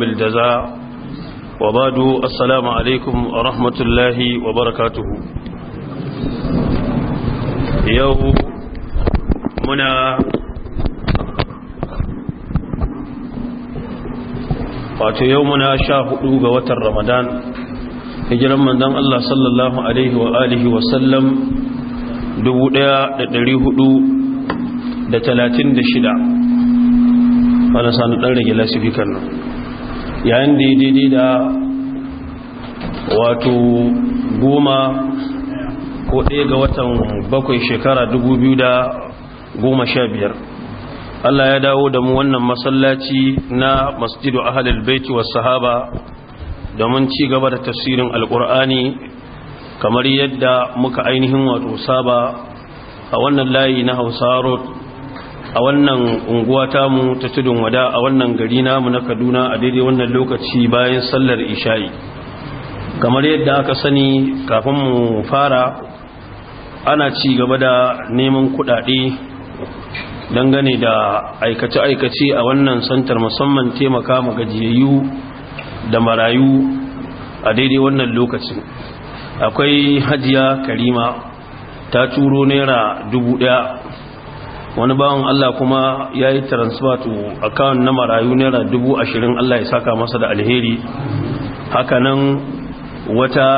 الجزاء وبعد السلام عليكم ورحمة الله وبركاته يوم منا wato yau muna sha hudu ga watan ramadan hijiran manzon Allah sallallahu alaihi wa alihi wa sallam da wala sanu dan rage lasifikan nan yayin da daidai da wato goma ko ɗaya ga watan bakwai shekara da goma sha biyar. Allah ya dawo da mu wannan masallaci na masjidu ahalul baiti was sahaba domin ci gaba da tafsirin alkur'ani kamar yadda muka ainihin wato saba a wannan layi na Hausa road a wannan unguwa mu ta tudun wada a wannan gari namu na kaduna a daidai wannan lokaci bayan sallar isha'i kamar yadda aka sani kafin mu fara ana ci gaba da neman kudade dangane da aikace-aikace a wannan santar musamman taimaka gajiyayyu da marayu a daidai wannan lokacin akwai hajiya karima ta turo naira dubu daya wani bawan Allah kuma ya yi transfer to account na marayu naira dubu ashirin Allah ya saka masa da alheri hakanan wata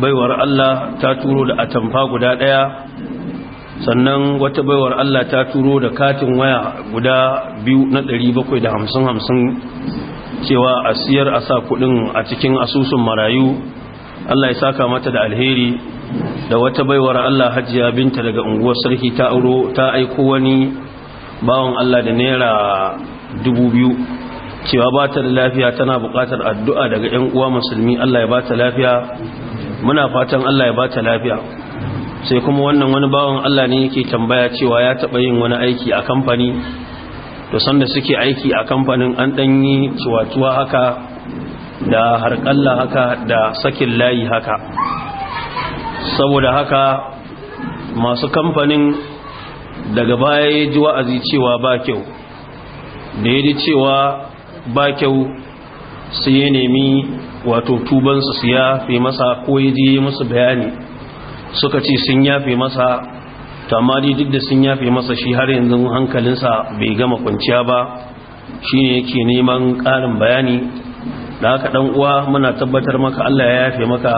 baiwar Allah ta turo da atamfa guda ɗaya sannan wata baiwar Allah ta turo da katin waya guda biyu na ɗari bakwai da hamsin hamsin cewa a siyar a sa kuɗin a cikin asusun marayu Allah ya saka mata da alheri da wata baiwar Allah hajiya binta daga unguwar sarki ta auro ta aiko wani bawan Allah da naira dubu biyu cewa ba ta lafiya tana bukatar addu'a daga ‘yan uwa musulmi Allah ya ba ta lafiya muna fatan Allah ya ba ta lafiya sai kuma wannan wani bawan Allah ne yake tambaya cewa ya taɓa yin wani aiki a kamfani to sanda suke aiki a kamfanin an yi ciwatuwa haka da harƙalla haka da sakin layi haka saboda haka masu kamfanin daga baya ya ji wa'azi cewa ba kyau da ya ji cewa ba kyau su ya nemi wato tubansu su yafe masa ko ya ji musu bayani suka ce sun yafe masa tamari duk da sun yafe masa shi har yanzu hankalinsa bai gama kwanciya ba shi ne yake neman ƙarin bayani da haka dan uwa muna tabbatar maka Allah ya yafe maka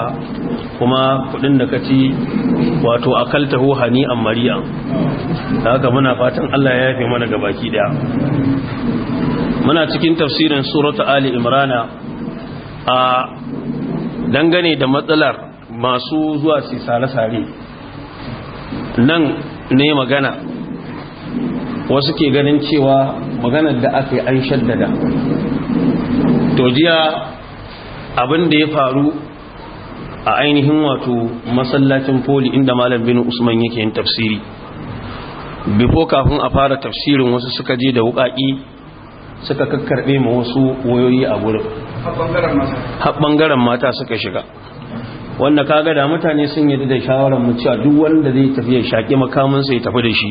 kuma kudin da ka ci wato akaltahu hani an mariya da haka muna fatan Allah ya yafe mana ga baki daya muna cikin tafsirin surata ali imrana a dangane da matsalar masu zuwa su sare-sare nan ne magana wasu ke ganin cewa maganar da aka yi an shaddada to jiya abin da ya faru a ainihin wato masallacin foli inda malam bin usman yake yin tafsiri bifo kafin a fara tafsirin wasu suka je da wukaki suka kakkarbe ma wasu wayoyi a gurin haɓangaren mata suka shiga wanda kaga da mutane sun yi da shawarar mu cewa duk wanda zai tafi ya shaƙi makamansa ya tafi da shi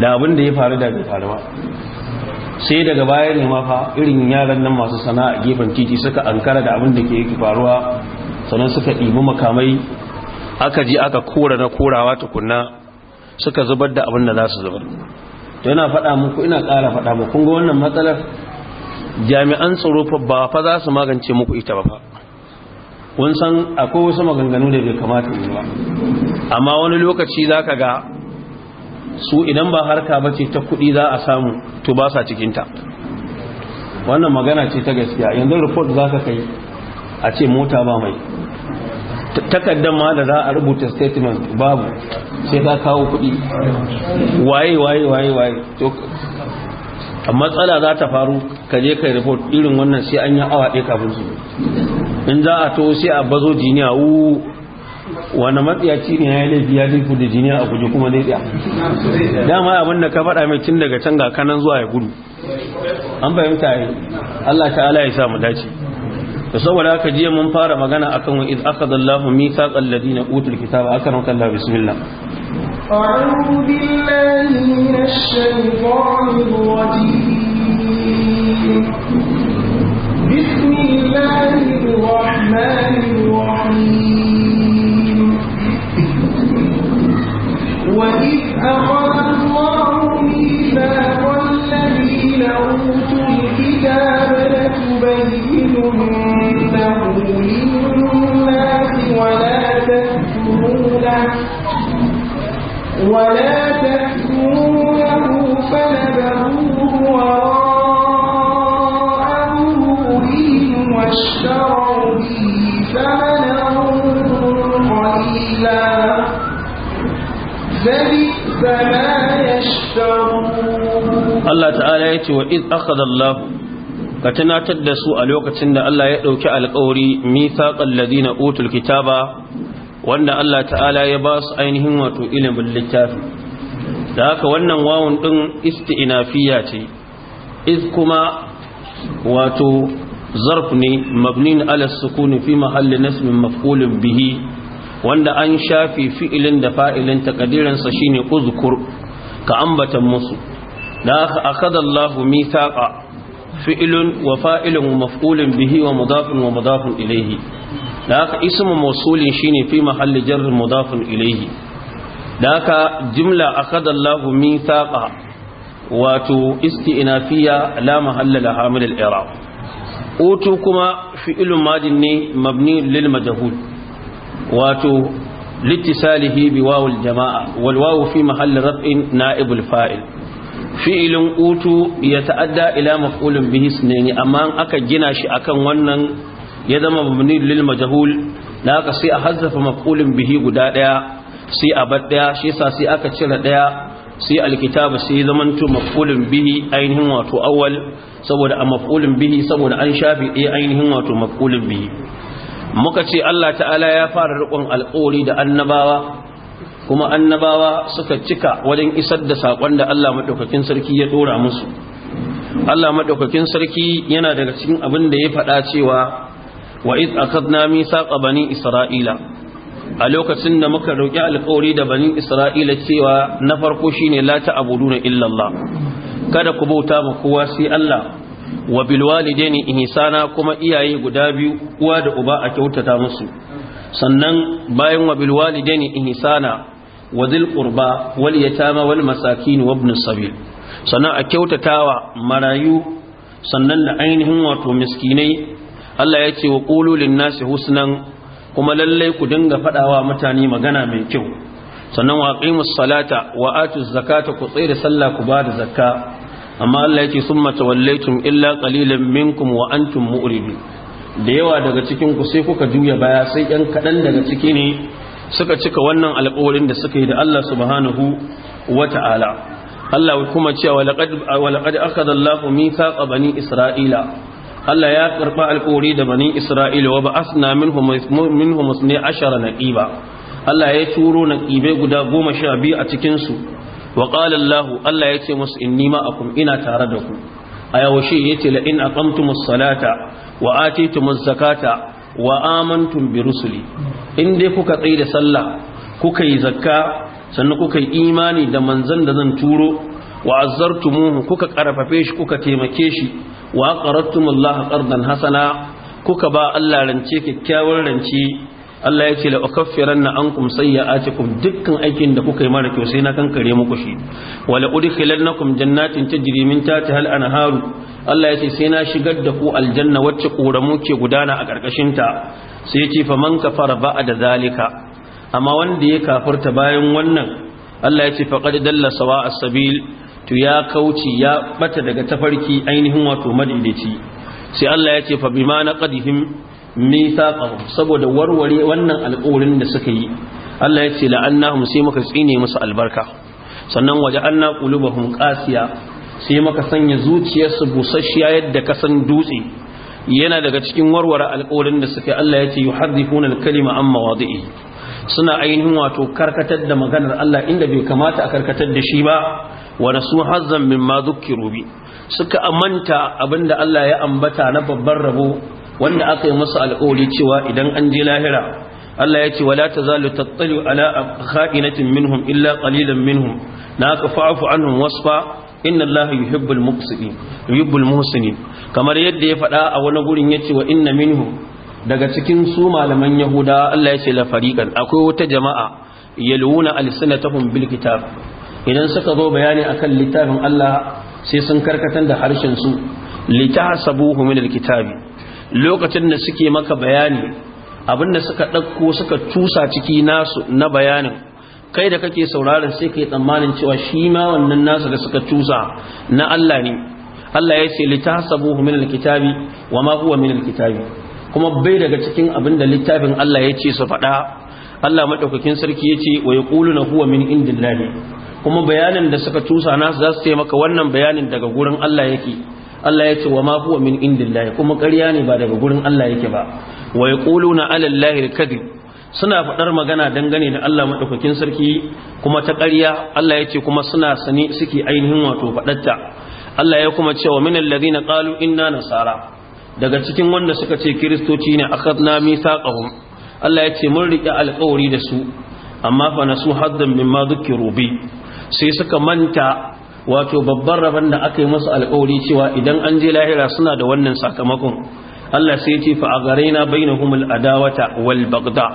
da abin da ya faru da bai faru ba sai daga baya ne ma irin yaran nan masu sana'a gefen titi suka ankara da abin da ke faruwa sannan suka ɗibi makamai aka ji aka kora na korawa tukunna suka zubar da abin da za su zubar to yana faɗa muku ina ƙara faɗa muku kun ga wannan matsalar jami'an tsaro fa ba fa za su magance muku ita ba fa kun san akwai wasu maganganu da bai kamata yi ba amma wani lokaci za ka ga su idan ba harka ba ce ta kuɗi za a samu to ba sa cikinta wannan magana ce ta gaskiya yanzu report za ka kai a ce mota ba mai takaddan ma da za a rubuta statement babu sai ka kawo kuɗi waye waye waye waye to matsala za ta faru ka je kai report irin wannan sai an yi awa ɗaya kafin su in za a to sai a bazo jiniya uu wani matsiyaci ne ya yi laifi ya ku da jini a guji kuma zai tsaya dama abin da ka faɗa mai tun daga can ga kanan zuwa ya gudu an fahimta yi Allah ta'ala ya sa mu dace da saboda haka jiya mun fara magana akan kan akhadha aka zallafa mita utul na akram kita ba aka بالله labi su الرجيم بسم الله الرحمن الرحيم وإذ أخذ الله ميثاق الذين أوتوا الكتاب لتبيننه للناس ولا تكتمونه ولا تكتمونه فنبذوه وراء ظهورهم واشتروا به allah ta'ala يشترون الله تعالى يتي وإذ ka tunatar da su a lokacin da Allah ya ɗauki alƙawari mithaƙan ladina utul kitaba wanda Allah ta'ala ya ba su ainihin wato ilimin littafi da haka wannan wawun ɗin isti'inafiya ce iz kuma wato zarf ne mabnin ala sukuni fi mahalli nasmin maf'ulin bihi wanda an shafi fi'ilin da fa'ilin takadiransa shine uzkur ka ambata musu da aka akhadha Allahu mithaqa fi'ilun wa fa'ilun maf'ulun bihi wa mudafun wa mudafun ilayhi da aka ismu mawsulin shine fi mahalli jar mudafun ilayhi da aka jumla akhadha Allahu mithaqa wato isti'nafiya la mahalla la min al-i'rab utu kuma fi'ilun madin ne mabni lil majhul wato littisalihi bi wawul jama'a wal wawu fi mahalli raf'in na'ibul fa'il fi'ilin utu ya ta'adda ila maf'ulin bihi sunaini amma an aka gina shi akan wannan ya zama mabni lil majhul da aka sai a hazzafa maf'ulin bihi guda daya sai a bar daya shi yasa sai aka cire daya sai alkitabu sai zamanto maf'ulin bihi ainihin wato awwal saboda a maf'ulin bihi saboda an shafi ɗaya ainihin wato maf'ulin bihi muka ce Allah ta'ala ya fara rikon alƙori da annabawa kuma annabawa suka cika wajen isar da saƙon da Allah maɗaukakin sarki ya ɗora musu Allah maɗaukakin sarki yana daga cikin abin da ya faɗa cewa wa iz akadna mithaqa bani isra'ila a lokacin da muka roƙi alƙawari da bani isra'ila cewa na farko shine la ta'buduna illa Allah kada ku bauta ma kowa sai Allah wa bilwalidaini ihsana kuma iyaye guda biyu uwa da uba a kyautata musu sannan bayan wa bilwalidaini ihsana wa dhil qurba wal yatama wal masakin wa ibn sabil sannan a kyautatawa marayu sannan da ainihin wato miskinai Allah ya ce wa qulu lin nasi husnan kuma lallai ku dinga fadawa mutane magana mai kyau sannan wa aqimus salata wa atuz zakata ku tsira sallah ku bada zakka amma Allah ya ce sun matawallaitum illa kalilan minkum wa antum mu'ridu da yawa daga cikin ku sai kuka juya baya sai yan kaɗan daga ciki ne suka cika wannan alƙawarin da suka yi da Allah subhanahu wa ta'ala Allah kuma cewa walaqad akhadha Allahu mithaqa bani Isra'ila Allah ya karba alƙawari da bani Isra'ila wa ba'athna minhum minhum 12 naqiba Allah ya turo naqibai guda 12 a cikin su wa qala Allah Allah yace musu inni ma'akum ina tare da ku ayawashi yace la in aqamtumus salata wa atitumuz zakata wa amantum bi in dai kuka tsai da sallah kuka yi zakka sannan kuka yi imani da manzan da zan turo wa azzartumuhu kuka karfafe shi kuka taimake shi wa qarattum Allah qardan kuka ba Allah rance kyakkyawar rance Allah ya ce la ukaffiranna ankum sayyi'atikum dukkan aikin da kuka yi mara kyau sai na kankare muku shi wa la udkhilannakum jannatin tajri min tahtiha al-anharu Allah ya ce sai na shigar da ku aljanna wacce koramu ke gudana a karkashin ta sai ya ce faman kafara ba'da zalika amma wanda ya kafirta bayan wannan Allah ya ce faqad dalla sawa as-sabil to ya kauci ya bata daga tafarki ainihin wato madaidaici sai Allah ya ce fa bima naqadihim mithaqahum saboda warware wannan alƙawarin da suka yi Allah ya ce la'annahum sai muka tsine musu albarka sannan waje anna qulubahum qasiya sai muka sanya zuciyarsu busasshiya yadda ka san dutse yana daga cikin warware alƙawarin da suka Allah ya ce yuharrifuna al-kalima amma wadi'i suna ainihin wato karkatar da maganar Allah inda bai kamata a karkatar da shi ba wa nasu hazzan mimma dhukkiru bi suka amanta abinda Allah ya ambata na babban rabo wanda aka yi masa alƙawari cewa idan an je lahira Allah ya ce wala tazalu tattalu ala kha'inatin minhum illa qalilan minhum na ka fa'fu anhum wasfa inna Allah yuhibbul muqsitin yuhibbul muhsinin kamar yadda ya faɗa a wani gurin yace wa inna minhum daga cikin su malaman yahuda Allah ya ce la fariqan akwai wata jama'a yaluna alsinatahum bil kitab idan suka zo bayani akan littafin Allah sai sun karkatar da harshen su litahsabuhu min al kitabi lokacin da suke maka bayani abin da suka ɗauko suka tusa ciki nasu na bayanin kai da kake sauraron sai kai tsammanin cewa shi ma wannan nasu da suka tusa na Allah ne Allah ya ce litahsabuhu min alkitabi wa ma huwa min alkitabi kuma bai daga cikin abin da littafin Allah ya ce su faɗa Allah madaukakin sarki ya ce wa yaquluna huwa min indillahi kuma bayanin da suka tusa nasu za su maka wannan bayanin daga gurin Allah yake Allah ya ce wa ma huwa min indillahi kuma ƙarya ne ba daga gurin Allah yake ba wa yaquluna ala allahi al-kadhib suna faɗar magana dangane da Allah madaukakin sarki kuma ta ƙarya Allah ya ce kuma suna sani suke ainihin wato faɗatta Allah ya kuma ce wa min alladhina qalu inna nasara daga cikin wanda suka ce kiristoci ne akhadna mithaqahum Allah ya ce mun riƙe alƙawari da su amma fa nasu haddan mimma dhukiru bi sai suka manta wato babban rabon da aka yi masu alkawari cewa idan an je lahira suna da wannan sakamakon Allah sai ce fa agarina humul adawata wal bagda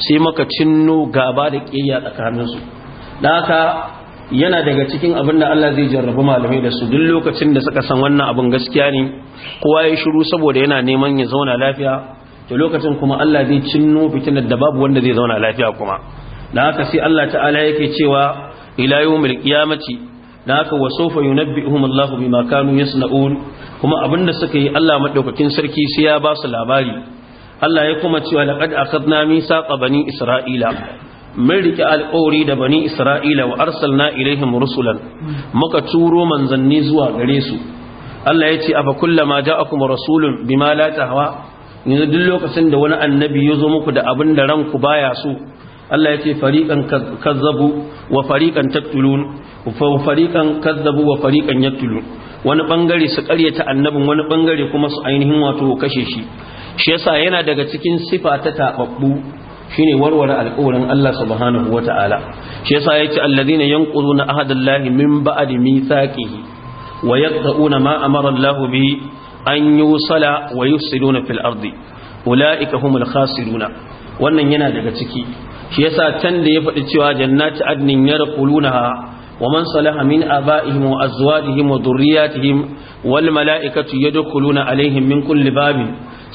sai maka cinno gaba da kiyaya tsakanin su dan haka yana daga cikin abin da Allah zai jarrabu malamai da su duk lokacin da suka san wannan abin gaskiya ne kowa ya shiru saboda yana neman ya zauna lafiya to lokacin kuma Allah zai cinno fitinar da babu wanda zai zauna lafiya kuma da haka sai Allah ta'ala yake cewa ila yawmil qiyamati da haka wa sofa yunabbi'uhum Allahu bima kanu yasna'un kuma abinda suka yi Allah madaukakin sarki sai ya ba su labari Allah ya kuma cewa laqad akhadna mithaqa bani isra'ila mun rike alƙawari da bani isra'ila wa arsalna ilaihim rusulan muka turo manzanni zuwa gare su Allah ya ce afa kullama ja'akum rasulun bima la tahwa yanzu duk lokacin da wani annabi ya zo muku da abin da ranku baya so Allah ya ce fariƙan kazzabu wa fariƙan taktulun fariƙan kazzabu wa fariƙan yaktulun wani bangare su ƙaryata annabin wani bangare kuma su ainihin wato kashe shi shi yasa yana daga cikin sifa ta tababbu shine warware alƙawarin Allah subhanahu wata'ala shi yasa yace alladhina yanquduna ahadallahi min ba'di mithaqihi wa yaqta'una ma amara Allah bihi an yusala wa yufsiduna fil ardi ulaika humul khasiruna wannan yana daga ciki shi yasa can da ya faɗi cewa jannati adnin ya rakulunaha wa man salaha min aba'ihim wa azwajihim wa dhurriyyatihim wal mala'ikatu yadkhuluna alaihim min kulli babin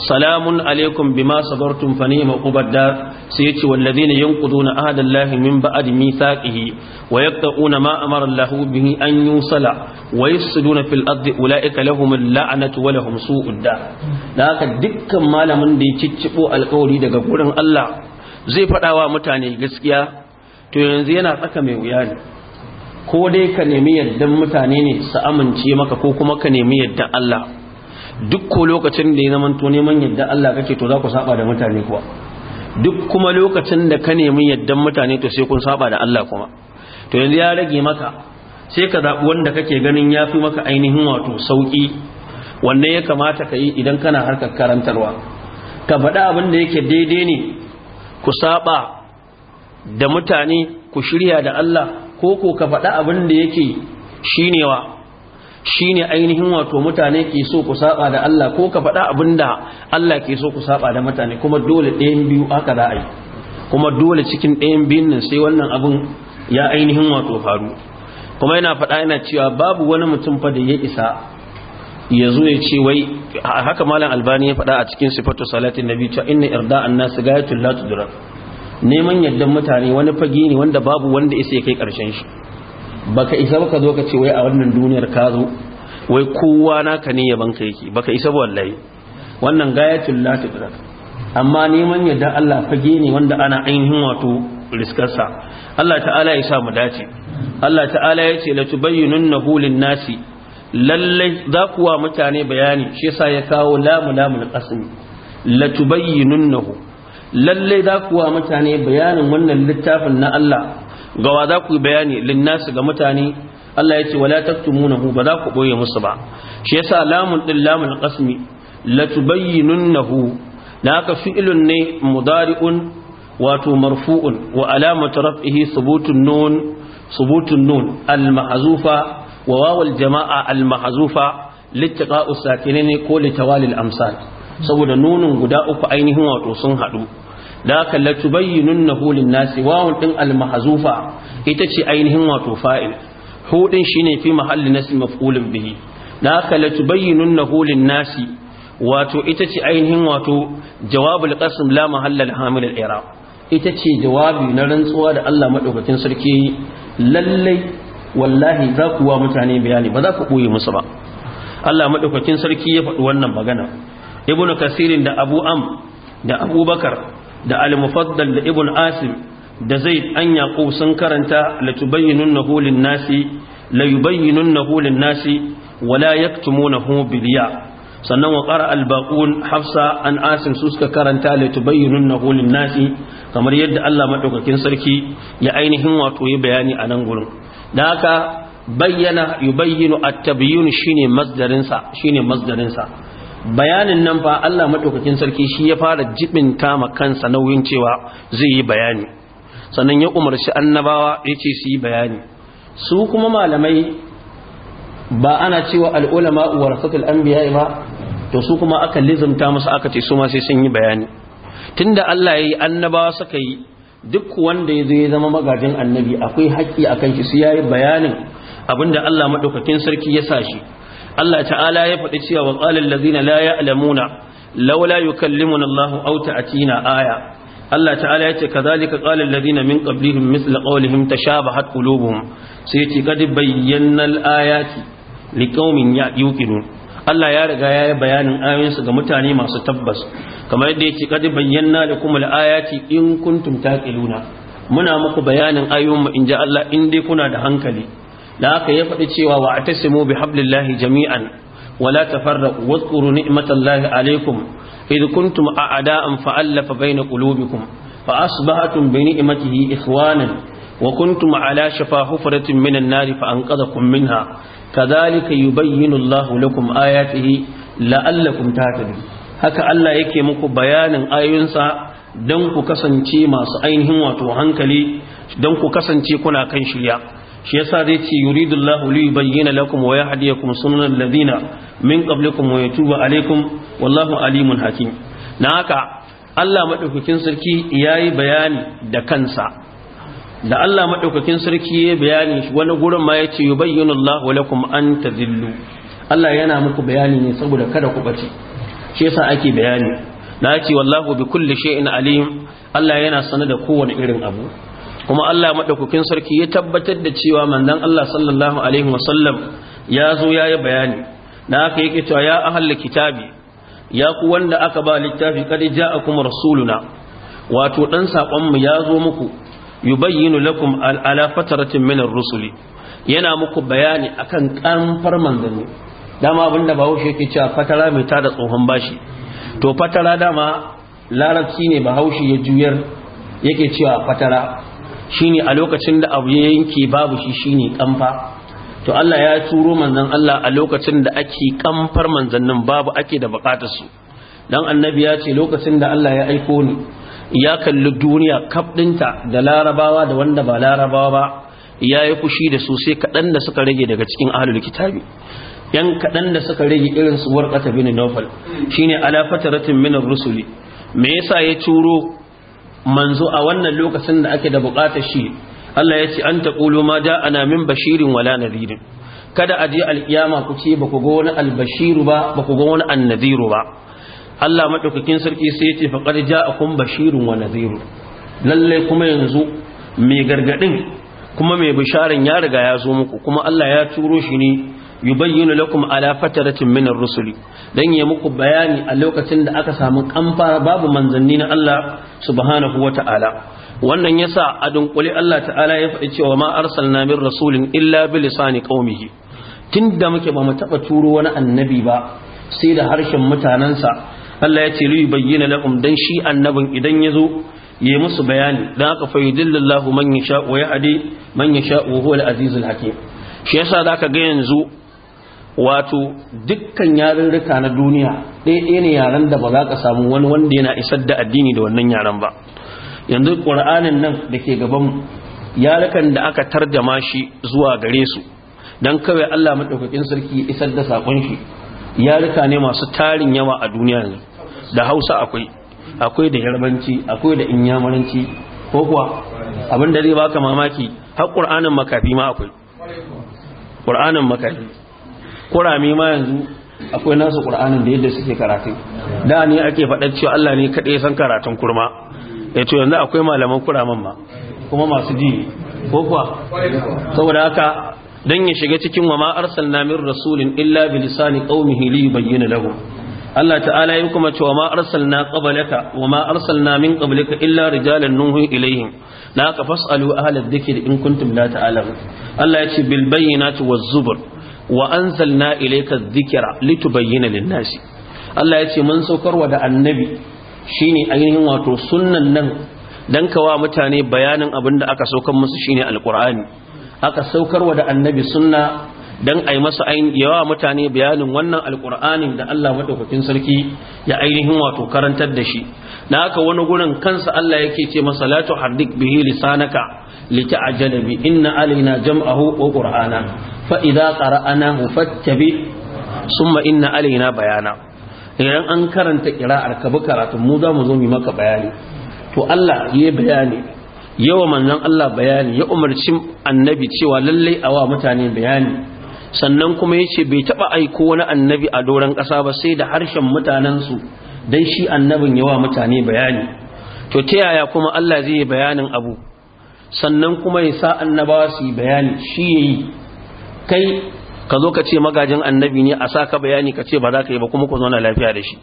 salamun alaikum bima sabartum fa ni'ma qubadda sai yace walladhina yanquduna ahada allah min ba'di mithaqihi wa yaqta'una ma amara allah bihi an yusala wa yusiduna fil ardi ulaika lahum la'anatu wa lahum su'udda da haka dukkan malamin da ya ciccibo alƙawari daga gurin allah zai faɗa wa mutane gaskiya to yanzu yana tsaka mai wuya ne ko dai ka nemi yaddan mutane ne su amince maka ko kuma ka nemi yaddan Allah duk ko lokacin da ya zama to neman yaddan Allah kake to za ku saba da mutane kuwa duk kuma lokacin da ka nemi yaddan mutane to sai kun saba da Allah kuma to yanzu ya rage maka sai ka zabi wanda kake ganin ya fi maka ainihin wato sauki Wannan ya kamata ka yi idan kana harkar karantarwa ka faɗa abin da yake daidai ne ku saba da mutane ku shirya da Allah ko ko ka faɗa abin da yake shinewa shine ainihin wato mutane ke so ku saba da Allah ko ka faɗa abin da Allah ke so ku saba da mutane kuma dole ɗayan biyu aka za a yi kuma dole cikin ɗayan biyun nan sai wannan abin ya ainihin wato faru kuma yana faɗa yana cewa babu wani mutum fa da ya isa ya zo ya ce wai haka malam albani ya faɗa a cikin sifatu salatin nabi cewa inna irda an nasu gayatul la tudra neman yaddan mutane wani fage ne wanda babu wanda isa ya kai karshen shi baka isa baka zo ka ce wai a wannan duniyar ka zo wai kowa naka ne yaban ka yake baka isa ba wallahi wannan gayatul la tudra amma neman yadda Allah fage ne wanda ana ainihin wato riskarsa Allah ta'ala ya sa mu dace Allah ta'ala ya ce latubayyinunnahu lin-nasi lallai za kuwa mutane bayani shi sa ya kawo lamu lamun qasmi la tubayyinunnahu lallai za kuwa mutane bayanin wannan littafin na Allah gawa za ku bayani linnasu ga mutane Allah ya ce wala taktumunahu ba za ku boye musu ba shi yasa lamun din lamun qasmi la tubayyinunnahu da haka fi'ilun ne mudari'un wato marfu'un wa alamatu raf'ihi thubutun nun thubutun nun al-mahzufa wa wawal jama'a al mahzufa ne sakinin ko litawalil amsa saboda nunun guda uku ainihin wato sun haɗu da ka la tubayyinunahu lin nasi wawun al mahzufa ita ce ainihin wato fa'il hu shine fi mahalli nasb maf'ulun bihi da ka la tubayyinunahu lin nasi wato ita ce ainihin wato jawabul qasm la mahalla ita ce jawabi na rantsuwa da Allah madaukakin sarki lallai wallahi za ku wa mutane bayani ba za ku ɓoye musu ba Allah maɗaukakin sarki ya faɗi wannan magana ibnu kasirin da abu am da abubakar da al-mufaddal da ibn asim da zaid an yaqub sun karanta la tubayyinunnahu lin-nasi la yubayyinunnahu lin-nasi wa la yaktumunahu bi sannan wa qara al-baqun hafsa an asim su suka karanta la tubayyinunnahu lin-nasi kamar yadda Allah madaukakin sarki ya ainihin wato ya bayani a nan gurin naka bayyana yubayyinu at tabyin shine masdarin sa shine masdarin sa bayanin nan fa Allah madaukakin sarki shi ya fara jibin kama kansa nauyin cewa zai yi bayani sannan ya umarci annabawa yace su yi bayani su kuma malamai ba ana cewa al-ulama warasatul anbiya ba to su kuma aka lizumta musu aka ce su ma sai sun yi bayani tunda Allah ya yi annabawa suka yi duk wanda ya zo ya zama magajin annabi akwai haƙƙi a kan shi su yayi bayanin abinda Allah madaukakin sarki ya sa shi Allah ta'ala ya faɗi cewa wa qala allazina la ya'lamuna laula yukallimuna Allah aw ta'tina aya Allah ta'ala yace kazalika qala allazina min qablihim mithla qawlihim tashabahat qulubuhum sai yace qad bayyana al-ayati liqaumin yuqinun Allah ya riga ya yi bayanin ayoyinsa ga mutane masu tabbas kamar dai yake kad bayyana lakum al-ayati in kuntum taqiluna muna muku bayanin ayoyin mu inja Allah in dai kuna da hankali da haka ya faɗi cewa wa atasimu bihablillahi jami'an wala tafarraqu wadhkuru ni'matallahi alaykum id kuntum a'da'an fa'alafa bayna qulubikum fa asbahatum bi ni'matihi ikhwanan wa kuntum ala shafa hufratin minan nari fa kun minha kadhalika yubayyinu Allahu lakum ayatihi la'allakum tahtadun haka Allah yake muku bayanin ayoyinsa don ku kasance masu ainihin wato hankali don ku kasance kuna kan shirya shi yasa zai ce yuridullahu li yubayyana lakum wa yahdiyakum sunanal ladina min qablikum wa yatuba alaikum wallahu alimun hakim na haka Allah madaukakin sarki yayi bayani da kansa da Allah madaukakin sarki ya bayani wani gurin ma yace yubayyinullahu lakum an tazillu Allah yana muku bayani ne saboda kada ku bace shi yasa ake bayani na ce wallahu bi kulli shay'in alim Allah yana sanar da kowane irin abu kuma Allah madaukakin sarki ya tabbatar da cewa manzon Allah sallallahu alaihi wa sallam ya zo ya yi bayani na aka yake cewa ya ahlul kitabi ya ku wanda aka ba littafi kad ja'akum rasuluna wato dan sakon mu ya zo muku yubayyinu lakum ala fatratin min ar-rusuli yana muku bayani akan kanfar manzanni dama abin da bahaushe yake cewa fatara mai tada tsohon bashi to fatara dama larabci ne bahaushe ya juyar yake cewa fatara shine a lokacin da abu ya yanke babu shi shine kamfa to Allah ya turo manzan Allah a lokacin da ake kamfar manzannin babu ake da bukatar su dan annabi ya ce lokacin da Allah ya aiko ni ya kalli duniya kaf da larabawa da wanda ba larabawa ba ya yi kushi da su sai kaɗan da suka rage daga cikin ahalul kitabi yan kaɗan da suka rage irin su warqata bin nawfal shine ala fataratin min rusuli me yasa ya turo manzo a wannan lokacin da ake da buƙatar shi Allah ya ce an taqulu ma ana min bashirin wala nadirin kada a je alkiyama ku ce ba ku ga wani albashiru ba ba ku ga wani annadiru ba Allah madaukakin sarki sai ya ce faqad ja'akum bashirun wa nadiru lalle kuma yanzu mai gargadin kuma mai bisharin ya riga ya zo muku kuma Allah ya turo shi ne yubayyinu lakum ala fataratin min ar-rusuli dan ya muku bayani a lokacin da aka samu kamfara babu manzanni na Allah subhanahu wata'ala wannan yasa a dunkule Allah ta'ala ya faɗi cewa ma arsalna min rasulin illa bi lisani qaumihi tunda muke ba mu taba turo wani annabi ba sai da harshen mutanansa Allah ya ce li yubayyinu lakum dan shi annabin idan yazo yi musu bayani dan aka fayyidillahu man yasha wa yahdi man yasha wa huwa al-azizul hakim shi yasa zaka ga yanzu wato dukkan yarurruka na duniya ɗaya ne yaren da ba za ka samu wani wanda yana isar da addini da wannan yaren ba yanzu ƙur'anin nan da ke gabanmu yarukan da aka tarjama shi zuwa gare su don kawai allah maɗaukakin sarki isar da saƙon shi yaruka ne masu tarin yawa a duniya ne. da hausa akwai akwai da yarbanci akwai da inyamuranci ko kuwa abin da zai baka mamaki har ƙur'anin makafi ma akwai ƙur'anin makafi kurame ma yanzu akwai nasu qur'anin da yadda suke karatu da ne ake faɗa cewa Allah ne kaɗai san karatun kurma ya to yanzu akwai malaman kuraman ma kuma masu ji ko kuwa saboda haka dan ya shiga cikin wa ma arsalna min rasulin illa bi lisani qaumihi li yubayyana lahu Allah ta'ala ya kuma cewa ma arsalna qablaka wa ma arsalna min qablika illa rijalan nuhu ilaihim la ka fasalu ahla dhikri in kuntum la ta'lamun Allah ya ce bil bayyinati waz zubur wa anzalna ilayka dhikra litubayyana lin-nasi Allah ya ce mun saukarwa da annabi shine ainihin wato sunnan nan dan kawa mutane bayanin abin da aka saukar musu shine alqur'ani aka saukarwa da annabi sunna dan yi masa ayin yawa mutane bayanin wannan alkur'anin da Allah madaukakin sarki ya ainihin wato karantar da shi na haka wani gurin kansa Allah yake ce masa la tuhaddik bihi lisanaka lita'jala bi inna alaina jam'ahu wa qur'ana fa idza qara'ana fattabi summa inna alaina bayana idan an karanta qira'ar ka bi karatun mu za mu zo mu maka bayani to Allah yayi bayani yawa manzon Allah bayani ya umarci annabi cewa lallai a wa mutane bayani sannan kuma ya ce bai taɓa aiko wani annabi a doron ƙasa ba sai da harshen mutanensu don shi annabin yawa mutane bayani to ta yaya kuma Allah zai yi bayanin abu sannan kuma ya sa annabawa su yi bayani shi ya yi kai ka zo ka ce magajin annabi ne a sa ka bayani ka ce ba za ka yi ba kuma ku zauna lafiya da shi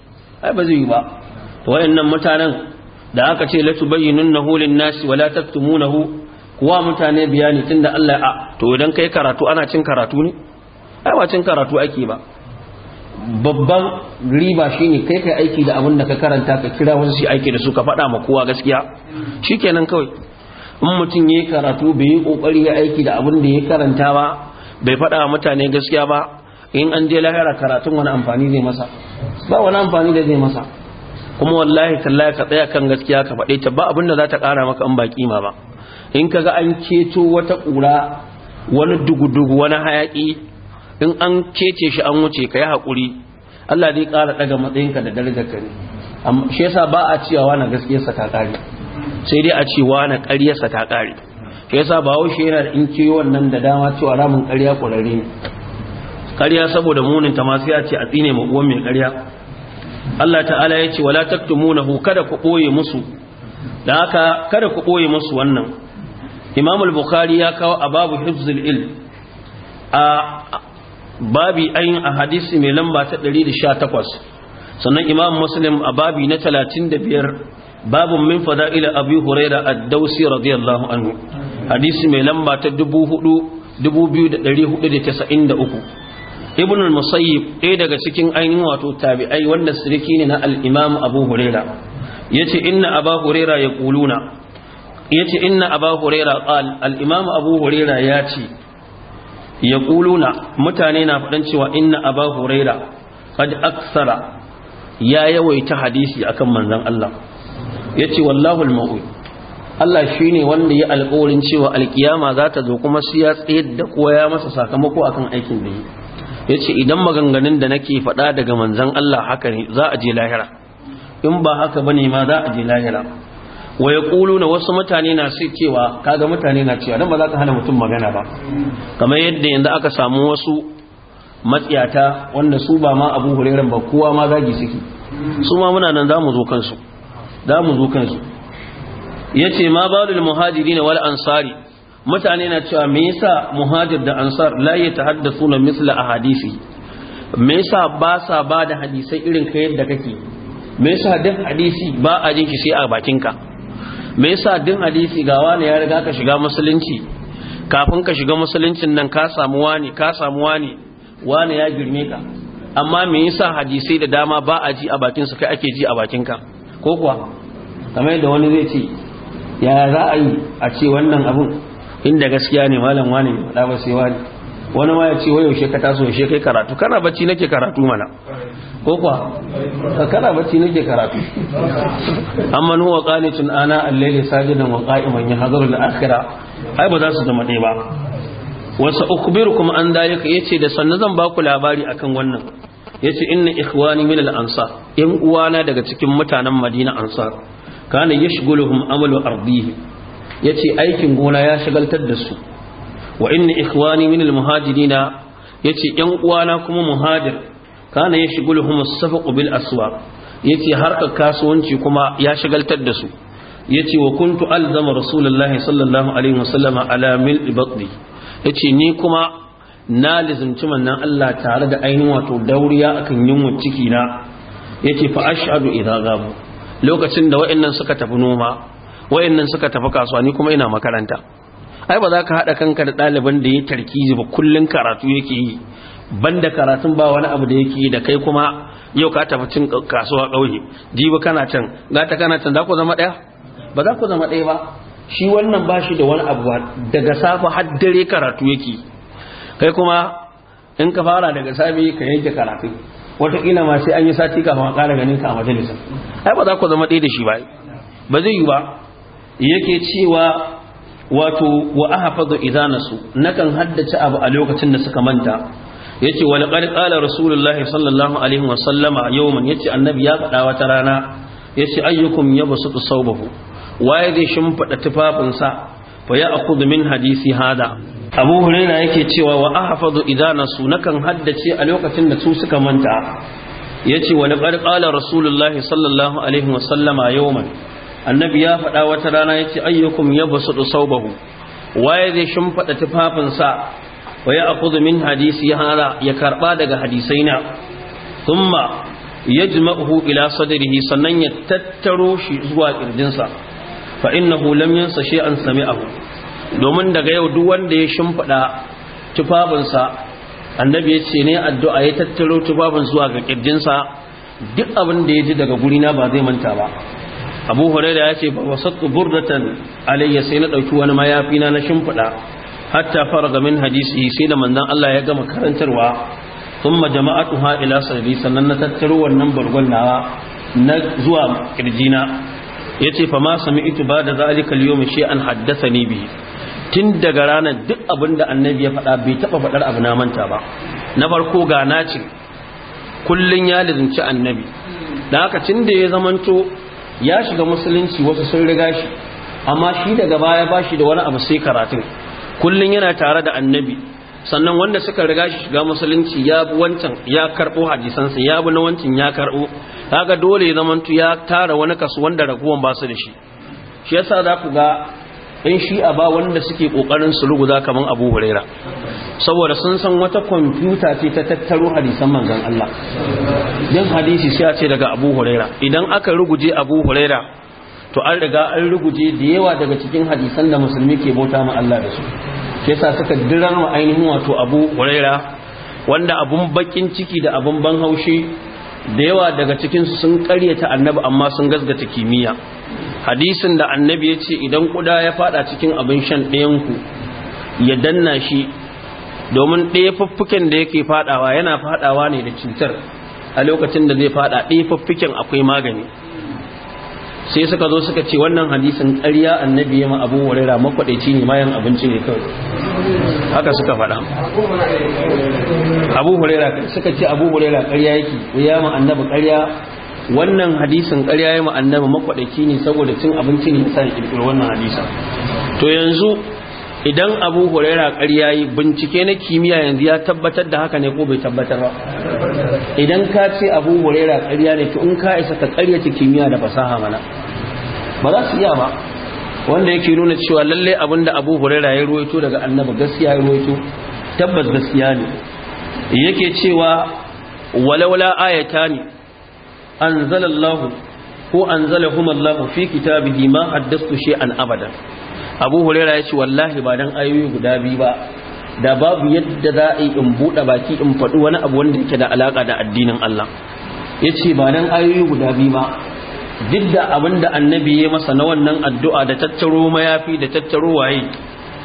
ai ba zai yi ba to wayannan mutanen da aka ce la tubayyinunnahu lin-nasi wa taktumunahu wa mutane bayani tunda Allah a to idan kai karatu ana cin karatu ne ai ba cin karatu ake ba babban riba shine kai kai aiki da abin da ka karanta ka kira wasu su aiki da su ka faɗa ma kowa gaskiya shikenan kawai in mutum yayi karatu bai yi kokari ya aiki da abin da ya karanta ba bai faɗa wa mutane gaskiya ba in an je lahira karatun wani amfani zai masa ba wani amfani da zai masa kuma wallahi tallahi ka tsaya kan gaskiya ka faɗe ta ba abin da za ta ƙara maka in ba kima ba in kaga an ceto wata ƙura wani dugudugu wani hayaƙi in an kece shi an wuce ka yi haƙuri Allah zai ƙara ɗaga matsayinka da darajar ka ne amma shi yasa ba a cewa na gaskiyarsa ta ƙare sai dai a cewa na sa ta ƙare shi yasa ba wai shi yana da in ce wannan da dama cewa ramin ƙarya ƙwararre ne ƙarya saboda munin ta masu ya ce a tsine ma uwan mai ƙarya Allah ta'ala ya ce wala taktumunahu kada ku ɓoye musu da haka kada ku ɓoye musu wannan Imam al-Bukhari ya kawo a babu hifzul ilm a babi ayin a hadisi mai lamba ta 118 sannan imam muslim a babi na 35 babin min fada'ila abu huraira ad-dausi radiyallahu anhu hadisi mai lamba ta 2493 ibn al-musayyib ɗaya daga cikin ainihin wato tabi'ai wanda siriki ne na al-imam abu huraira yace inna aba huraira ya kuluna yace inna aba huraira qal al-imam abu huraira ya ce yaquluna mutane na faɗan cewa inna abu huraira kad aksara ya yawaita hadisi akan manzon Allah yace wallahu al-ma'ud Allah shine wanda ya alƙawarin cewa alkiyama za ta zo kuma su ya tsayar da kowa ya masa sakamako akan aikin da yi yace idan maganganun da nake faɗa daga manzon Allah haka ne za a je lahira in ba haka bane ma za a je lahira wa na wasu mutane na sai cewa kaga mutane na cewa don ba za ka hana mutum magana ba kamar yadda yanzu aka samu wasu matsiyata wanda su ba ma Abu Hurairah ba kowa ma zagi suke su ma muna nan zamu zo kansu zamu zo kansu ce ma muhajiri na wal ansari mutane na cewa me yasa muhajir da ansar la misla a hadisi? me yasa ba sa ba da hadisai irin ka yadda kake me yasa duk hadisi ba a jinki sai a bakinka me yasa din hadisi ga wani ya riga ka shiga musulunci kafin ka shiga musuluncin nan ka samu wani ka samu wani wani ya girme ka amma me yasa hadisi da dama ba a ji a bakin su kai ake ji a bakin ka ko kuwa kamar da wani zai ce ya za a yi a ce wannan abun inda gaskiya ne malam wani da ba sai wani wani ma ya ce wayo yaushe ka taso yaushe kai karatu kana bacci nake karatu mana ko kuwa kana bacci nake karatu amma huwa qanitun ana al-layli sajidan wa qa'iman yahdharu al-akhirah ai ba za su zama dai ba wasa ukhbirukum an dalika yace da sannan zan ba ku labari akan wannan yace inna ikhwani min al-ansar in uwana daga cikin mutanen Madina ansar kana yashghuluhum amalu ardihi yace aikin gona ya shagaltar da su wa inni ikhwani min almuhajirina yace yan uwana kuma muhajir kana ya shigulhum as-safaq bil aswaq yace harka kasuwanci kuma ya shigaltar da su yace wa kuntu alzama rasulullahi sallallahu alaihi wasallama ala mil batni yace ni kuma na lizimci mannan Allah tare da ainihin wato dauriya akan yunwa ciki na yace fa ashhadu idza gabu lokacin da wa'annan suka tafi noma wa'annan suka tafi kasuwa ni kuma ina makaranta ai ba za ka haɗa kanka da ɗaliban da ya tarkizi ba kullum karatu yake yi banda karatun ba wani abu da yake da kai kuma yau ka tafi cin kasuwa ƙauye jibi kana can gata kana can za ku zama ɗaya ba za ku zama ɗaya ba shi wannan ba shi da wani abu daga safe har dare karatu yake kai kuma in ka fara daga safe ka yanke karatu wataƙila ma sai an yi sati kafin a ƙara ganin ka a majalisa ai ba za ku zama ɗaya da shi ba ba zai yi ba yake cewa wato wa aha idza nasu nakan haddace abu a lokacin da suka manta yace wal qad qala rasulullah sallallahu alaihi wa sallama yawman yace annabi ya faɗa wata rana yace ayyukum yabsutu sawbahu waye zai shimfida tufafinsa fa ya'khudhu min hadisi hada abu hurairah yake cewa wa aha idza nasu nakan haddace a lokacin da su suka manta yace wal qad qala rasulullah sallallahu alaihi wa sallama yawman annabi ya faɗa wata rana ya ce ayyukum ya yabsutu sawbahu waye zai shimfaɗa tufafinsa wa ya'khudhu min hadisi ya hana ya karɓa daga hadisai hadisaina thumma yajma'uhu ila sadrihi sannan ya tattaro shi zuwa kirjinsa fa innahu lam yansa shay'an sami'ahu domin daga yau duk wanda ya shimfaɗa tufafinsa annabi ya yace ne addu'a ya tattaro tufafin zuwa ga kirjinsa duk abin da ya ji daga gurina ba zai manta ba abu huraira ya ce ba wasattu burdatan alayya sai na ɗauki wani mayafi na na shimfiɗa hatta fara gamin hadisi sai da manzon Allah ya gama karantarwa thumma jama'atuha ila sarbi sannan na tattaro wannan bargon nawa na zuwa kirjina yace fa ma sami'tu ba da zalika shi an haddasa haddathani bi? tun daga ranar duk abin da annabi ya faɗa bai taɓa faɗar abu na manta ba na farko ga na ce kullum ya lizinci annabi da haka tun da ya zamanto ya shiga musulunci wasu sun riga shi amma shi daga baya ba shi da wani abu sai karatun kullum yana tare da annabi sannan wanda suka riga shi shiga musulunci ya bi wancan ya karɓo hadisansa ya bi na wancan ya karɓo kaga dole ya zamantu ya tara wani kaso wanda raguwan ba su da shi shi yasa za ku ga in shi a ba wanda suke kokarin su ruguza kaman Abu Huraira saboda sun san wata kwamfuta ce ta tattaro hadisan manzon Allah dan hadisi sai a ce daga Abu Huraira idan aka ruguje Abu Huraira to an riga an ruguje da yawa daga cikin hadisan da musulmi ke bauta ma Allah da su sa suka dirar ma ainihin wato Abu Huraira wanda abun bakin ciki da abun ban haushi da yawa daga cikinsu sun karyata annabi amma sun gazgata kimiyya hadisin da annabi ya ce idan kuda ya fada cikin abin shan ɗayan ku ya danna shi domin ɗaya fuffuken da yake fadawa yana fadawa ne da cutar a lokacin da zai fada ɗaya fuffuken akwai magani sai suka zo suka ce wannan hadisin ƙarya annabi ya ma abu warira makwaɗaici ne mayan abinci ne kawai haka suka faɗa abu huraira suka ce abu huraira ƙarya yake ya ma annabi ƙarya wannan hadisin karya ya ma annabi makwadaki ne saboda cin abinci ne yasa kirkiro wannan hadisin to yanzu idan abu huraira ƙarya yi bincike na kimiyya yanzu ya tabbatar da haka ne ko bai tabbatar ba idan ka ce abu huraira ƙarya ne to in ka isa ka ƙaryace kimiyya da fasaha mana ba za su iya ba wanda yake nuna cewa lalle abinda abu huraira ya ruwaito daga annabi gaskiya ya ruwaito tabbas gaskiya ne yake cewa walawala walaula ayatani anzalallahu ko anzalahumallahu fi kitabihi ma haddastu an abada abu huraira ya ce wallahi ba dan ayoyi guda biyu ba da babu yadda za a in buɗe baki in faɗi wani abu wanda yake da alaƙa da addinin Allah ya ce ba dan ayoyi guda biyu ba duk da abin da annabi ya masa na wannan addu'a da tattaro mayafi da tattaro waye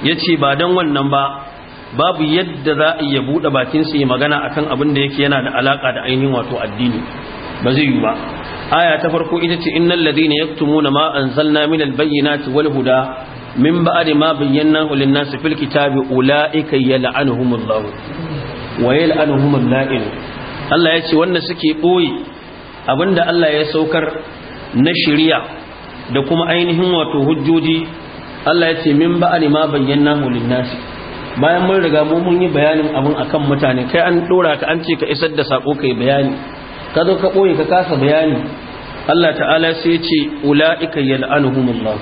ya ce ba dan wannan ba babu yadda za a iya buɗe bakinsa yi magana akan abin da yake yana da alaƙa da ainihin wato addini ba zai yi ba aya ta farko ita ce innal ladina yaktumuna ma anzalna minal bayyinati wal huda min ba'di ma bayyanahu lin nas fil kitabi ulaika yal'anuhumullah wa yal'anuhumul la'in Allah ya ce wanda suke boye abinda Allah ya saukar na shari'a da kuma ainihin wato hujjoji Allah ya ce min ba'di ma bayyanahu lin nas bayan mun riga mu mun yi bayanin abin akan mutane kai an dora ka an ce ka isar da sako kai bayani ka zo ka boye ka kasa bayani Allah ta'ala sai ya ce ula'ika yal'anuhumullah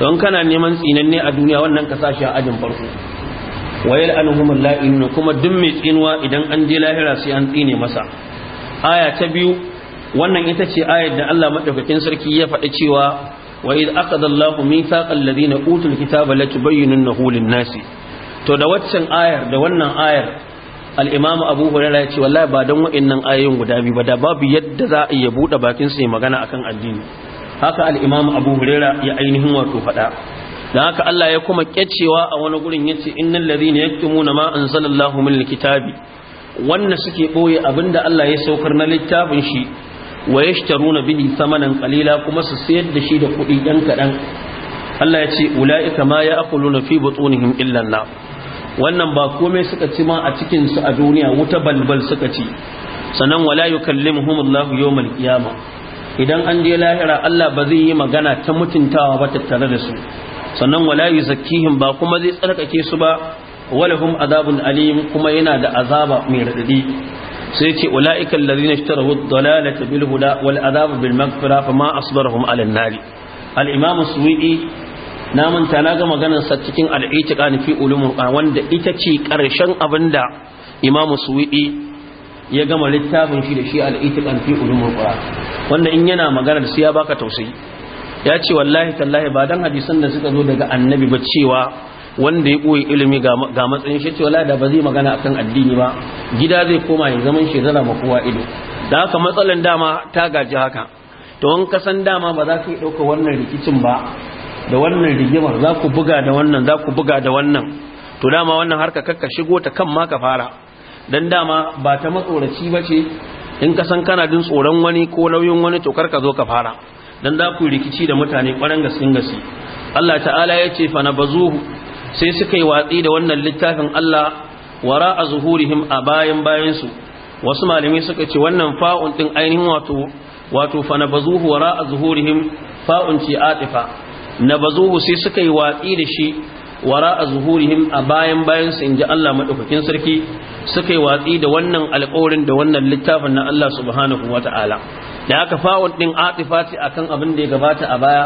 don kana neman tsinanne a duniya wannan ka sashi a ajin farko wa yal'anuhumul in kuma duk mai tsinuwa idan an je lahira sai an tsine masa aya ta biyu wannan ita ce ayar da Allah madaukakin sarki ya faɗi cewa wa idh akhadha Allahu mithaqa alladhina utul kitaba latubayyinunnahu lin-nasi to da waccan ayar da wannan ayar al-imam abu hurairah ya ce wallahi ba dan wa'annan ayoyin guda biyu ba da babu yadda za a iya buɗe bakin su magana akan addini haka al abu hurairah ya ainihin wato faɗa Da haka Allah ya kuma kyacewa a wani gurin yace innal ladhina yaktumuna ma anzalallahu min kitabi wannan suke boye abinda Allah ya saukar na littafin shi wa yashtaruna bihi thamanan qalila kuma su sayar da shi da kuɗi ɗan kaɗan Allah ya ce ula'ika ma ya na fi butunihim illan na wannan ba komai suka ci ma a cikin su a duniya wuta balbal suka ci sannan wala kalli Allah yawmal qiyama idan an je lahira Allah ba zai yi magana ta mutuntawa ba tattare da su sannan wala zakihin ba kuma zai tsarkake su ba walahum azabun alim kuma yana da azaba mai radadi sai ce ulaiikal ladina ishtarahu ad-dalalata bil huda wal azab bil maghfira fama asbarahum ala an-nar al-imam suwidi na manta na ga maganar sa cikin al fi ulumul qur'an wanda ita ce karshen abinda imam suwidi ya gama littafin shi da shi al fi ulumul qur'an wanda in yana magana da sai ya baka tausayi ya ce wallahi tallahi ba dan hadisan da suka zo daga annabi ba cewa wanda ya koyi ilimi ga matsayin shi cewa da ba zai magana akan addini ba gida zai koma ya zaman shi zara kowa ido da haka matsalan dama ta gaji haka to in ka san dama ba za ka yi ɗauka wannan rikicin ba da wannan rigimar za ku buga da wannan za ku buga da wannan to dama wannan harka kakka shigo ta kan ma ka fara dan dama ba ta matsoraci ba ce in ka san kana din tsoron wani ko lauyin wani to kar ka zo ka fara dan za ku rikici da mutane kwaran gaskin gasi Allah ta'ala ya ce fa nabazuhu sai suka yi watsi da wannan littafin Allah wara a zuhurihim a bayan bayansu wasu malamai suka ce wannan fa'un din ainihin wato wato fa nabazuhu wara a zuhurihim fa'un ce atifa na bazuhu sai suka yi watsi da shi wara a zuhurihim a bayan bayan su inji Allah madaukakin sarki suka yi watsi da wannan alƙawarin da wannan littafin na Allah subhanahu wata'ala da aka fawon din atifati akan abin da ya gabata a baya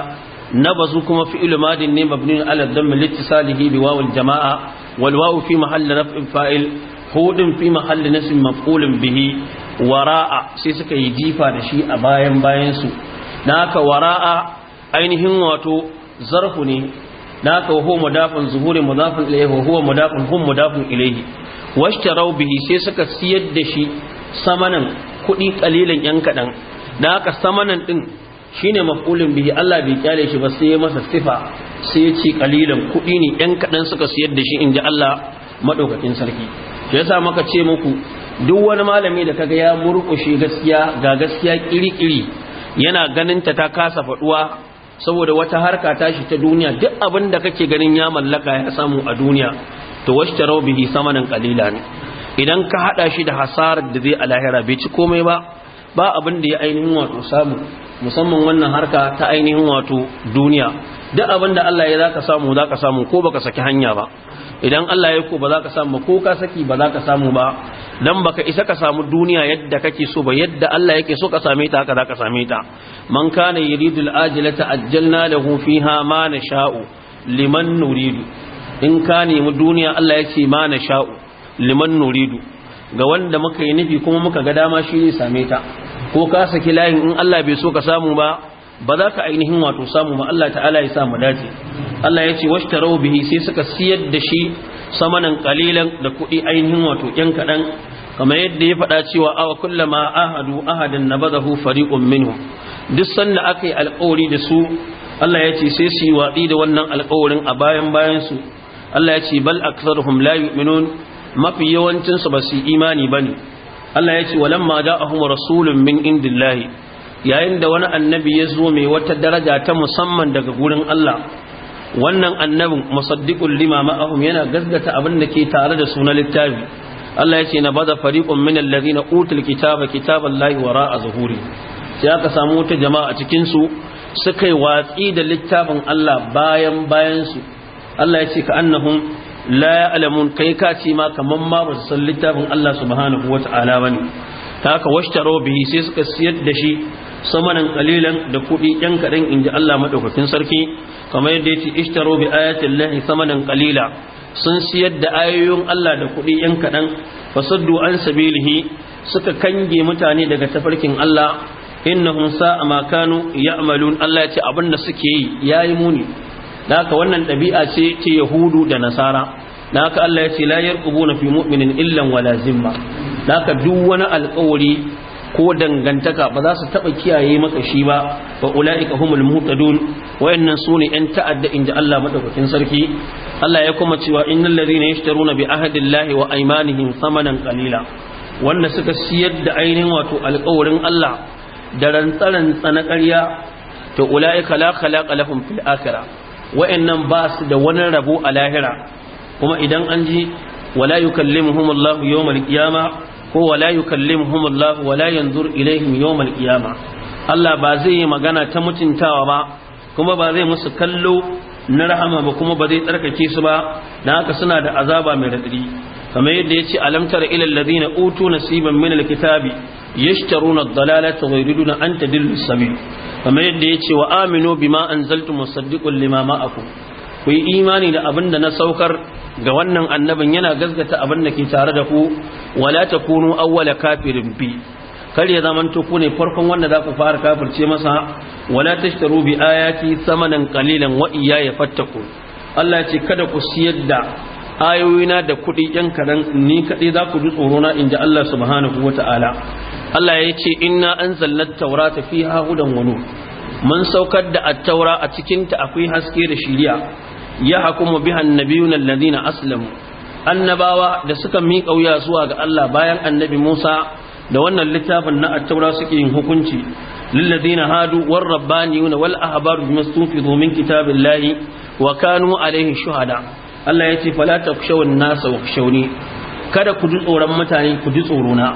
na bazu kuma fi'il madin ne mabni ala dhamm littisalihi bi wawil jama'a wal wawu fi mahalli raf'in fa'il hudun fi mahalli nasbin maf'ulin bihi wara'a sai suka yi jifa da shi a bayan bayan su na haka wara'a ainihin wato zarfu ne na ka huwa mudafin zuhuri mudafin ilaihi wa huwa mudafin hum mudafin ilaihi washtarau bihi sai suka siyar da shi samanan kuɗi kalilan yan kaɗan Na ka samanan ɗin shine maf'ulin bihi Allah bai kyale shi ba sai ya masa sifa sai ya ce kalilan kuɗi ne yan kaɗan suka siyar da shi in ji Allah madaukakin sarki yasa muka ce muku duk wani malami da kaga ya murƙushe gaskiya ga gaskiya ƙiri ƙiri yana ganin ta ta kasa faɗuwa saboda wata harka tashi ta duniya duk abin da kake ganin ya mallaka ya samu a duniya to washtarau bihi samanan kalila ne idan ka haɗa shi da hasarar da zai a lahira bai ci komai ba ba abin da ya ainihin wato samu musamman wannan harka ta ainihin wato duniya duk abin da Allah ya zaka samu zaka samu ko baka saki hanya ba idan Allah ya ko ba za ka samu ko ka saki ba za ka samu ba dan baka isa ka samu duniya yadda kake so ba yadda Allah yake so ka same ta haka za ka same ta man kana yuridu al-ajilata ajjalna lahu fiha ma nasha'u liman nuridu in ka nemi duniya Allah ya ce ma nasha'u liman nuridu ga wanda muka yi nufi kuma muka ga dama shi ne same ta ko ka saki layin in Allah bai so ka samu ba ba za ka ainihin wato samu ma Allah ta'ala ya mu dace Allah ya ce washtarau bihi sai suka siyar da shi samanan kalilan da kuɗi ainihin wato yan kaɗan kamar yadda ya faɗa cewa awa kullama ahadu ahadan nabadahu fariqun minhum duk sanda aka yi alƙawari da su Allah ya ce sai su yi watsi da wannan alƙawarin a bayan bayan su Allah ya ce bal aktharuhum la yu'minun mafi yawancin su ba su imani bane Allah ya ce walamma da'ahum rasulun min indillahi yayin da wani annabi ya zo mai wata daraja ta musamman daga gurin Allah wannan annabin musaddiqul lima ma'ahum yana gaskata abin da ke tare da sunan littafi Allah ya ce na bada fariqun min alladhina utul kitaba kitaballahi wara'a zuhuri sai aka samu wata jama'a a cikin su suka yi watsi da littafin Allah bayan bayan su Allah ya ce ka annahum la ya'lamun kai ka ce ma kaman ma ba su san littafin Allah subhanahu wata'ala bane ta haka washtaro bihi sai suka siyar da shi samanan qalilan da kuɗi ɗan kaɗan in ji Allah maɗaukakin sarki kamar yadda yace ishtaro bi ayatin lahi samanan qalila sun siyar da ayoyin Allah da kuɗi ɗan kaɗan fasaddu an sabilihi suka kange mutane daga tafarkin Allah innahum sa'a ma kanu ya'malun Allah ya ce abin da suke yi yayi muni haka wannan ɗabi'a ce ce yahudu da nasara da haka Allah ya ce la yarqubuna fi mu'minin illan wala zimma da haka duk wani alƙawari ko dangantaka ba za su taba kiyaye maka shi ba wa ulaika humul muhtadun wayannan sune yan ta'adda inda Allah madaukakin sarki Allah ya kuma cewa innal ladhina yashtaruna bi ahdillahi wa aymanihim thamanan qalila wanda suka siyar da ainihin wato alƙawarin Allah da rantsaran na ƙarya to ulaika la khalaqa lahum fil akhirah wayannan ba su da wani rabo a lahira kuma idan an ji wala yukallimuhum Allah yawmal qiyamah ko wala yukallimuhum Allah wala yanzur ilaihim yawmal qiyama Allah ba zai yi magana ta mutuntawa ba kuma ba zai musu kallo na rahama ba kuma ba zai tsarkake su ba dan haka suna da azaba mai radadi kamar yadda yace alam tara ilal ladina utu nasiban min alkitabi yashtaruna ad-dalalata wa yuriduna an tadillu as-sabil kamar yadda yace wa aminu bima anzaltu musaddiqan lima ma'akum ku yi imani da abin da na saukar ga wannan annabin yana gazgata abin da ke tare da ku wala ta kunu awwala kafirin bi kar ya zaman to ku ne farkon wanda za ku fara kafirce masa wala tashtaru bi ayati samanan qalilan wa iyaya fattaku Allah ya ce kada ku siyar da ayoyina da kuɗi yan kaɗan ni kaɗai za ku ji tsorona in ji Allah subhanahu wa ta'ala Allah ya ce inna an zallar taura ta fi hahudan wani mun saukar da attaura a cikinta akwai haske da shiriya Ya yahkumu biha annabiyuna alladhina aslamu annabawa da suka miƙa wuya zuwa ga Allah bayan annabi Musa da wannan littafin na at-taura suke yin hukunci lilladhina hadu war rabbaniyuna wal ahbaru bima stufidu min kitabillahi wa kanu alaihi shuhada Allah yace fala takhshawun nasa wakhshawni kada ku ji tsoron mutane ku ji tsorona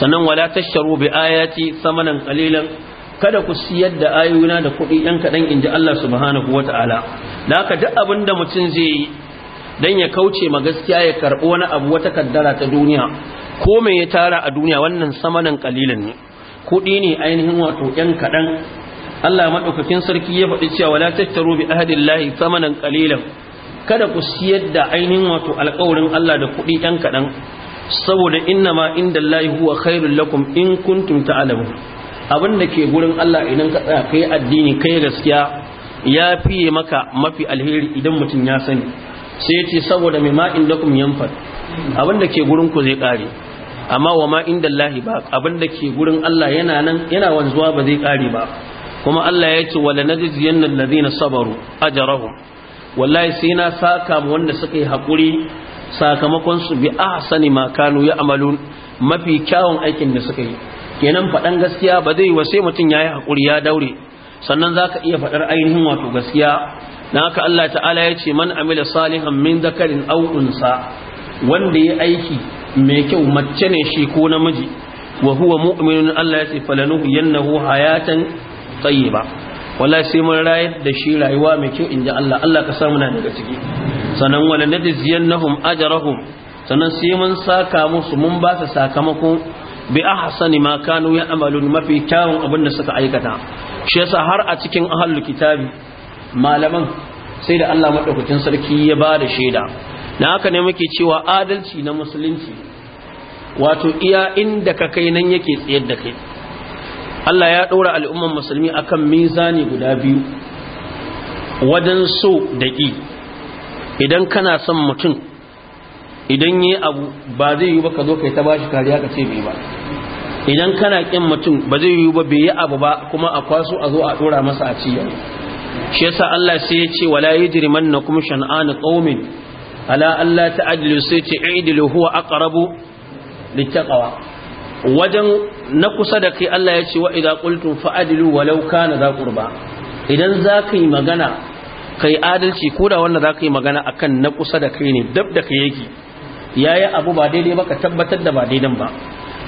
sannan wala ya bi ayati samanan qalilan kada ku siyar da ayoyina da kuɗi yan kaɗan in ji Allah subhanahu wa ta'ala da haka duk abin da mutum zai yi don ya kauce ma gaskiya ya karɓi wani abu wata kaddara ta duniya ko me ya tara a duniya wannan samanin kalilin ne kuɗi ne ainihin wato ɗan kaɗan Allah maɗaukakin sarki ya faɗi cewa wala tattaru bi ahadillahi samanin qalilan kada ku siyar da ainihin wato alƙawarin Allah da kuɗi yan kaɗan saboda inna ma inda Allah huwa khairul lakum in kuntum ta'lamun abin da ke gurin Allah idan ka tsaya kai addini kai gaskiya ya fiye maka mafi alheri idan mutum ya sani sai ce saboda mai ma inda kuma yamfar abin da ke gurin ku zai kare amma wa ma inda Allah ba abin da ke gurin Allah yana nan yana wanzuwa ba zai kare ba kuma Allah ya ce wala yanna alladhina sabaru ajrahum wallahi sai na saka mu wanda suka yi hakuri sakamakon su bi ahsani ma kanu ya'malun mafi kyawun aikin da suka yi kenan faɗan gaskiya ba zai sai mutum ya yi haƙuri ya daure sannan za ka iya faɗar ainihin wato gaskiya na haka Allah ta'ala ya ce man amila salihan min zakarin aw unsa wanda ya aiki mai kyau mace ne shi ko namiji wa huwa mu'minun Allah ya ce falanuhu yannahu hayatan tayyiba wala sai mun rayar da shi rayuwa mai kyau inji Allah Allah ka samu na daga ciki sannan wala nadiziyannahum ajrahum sannan sai mun saka musu mun ba su sakamako bi ahsani ma kanu ya'malun mafi kyawun abin da suka aikata shi yasa har a cikin ahlul kitabi malaman sai da Allah madaukakin sarki ya ba da shaida dan haka ne muke cewa adalci na musulunci wato iya inda ka kai nan yake tsayar da kai Allah ya ɗora al'umman musulmi akan mizani guda biyu wajen so da ƙi idan kana son mutum idan yi abu ba zai yi ba ka zo kai ta ba shi kariya ka ce bai ba idan kana kin mutum ba zai yi ba bai yi abu ba kuma a kwaso a zo a dora masa a ciya shi yasa Allah sai ya ce wala yajrimannakum shan'an qaumin ala Allah ta'dilu sai ce i'dilu huwa aqrabu littaqwa wajen na kusa da kai Allah ya ce wa idza qultum fa'dilu walau kana za qurba idan za ka yi magana kai adalci koda wanda za ka yi magana akan na kusa da kai ne dab da kai yake ya yi abu ba daidai ba ka tabbatar da ba daidan ba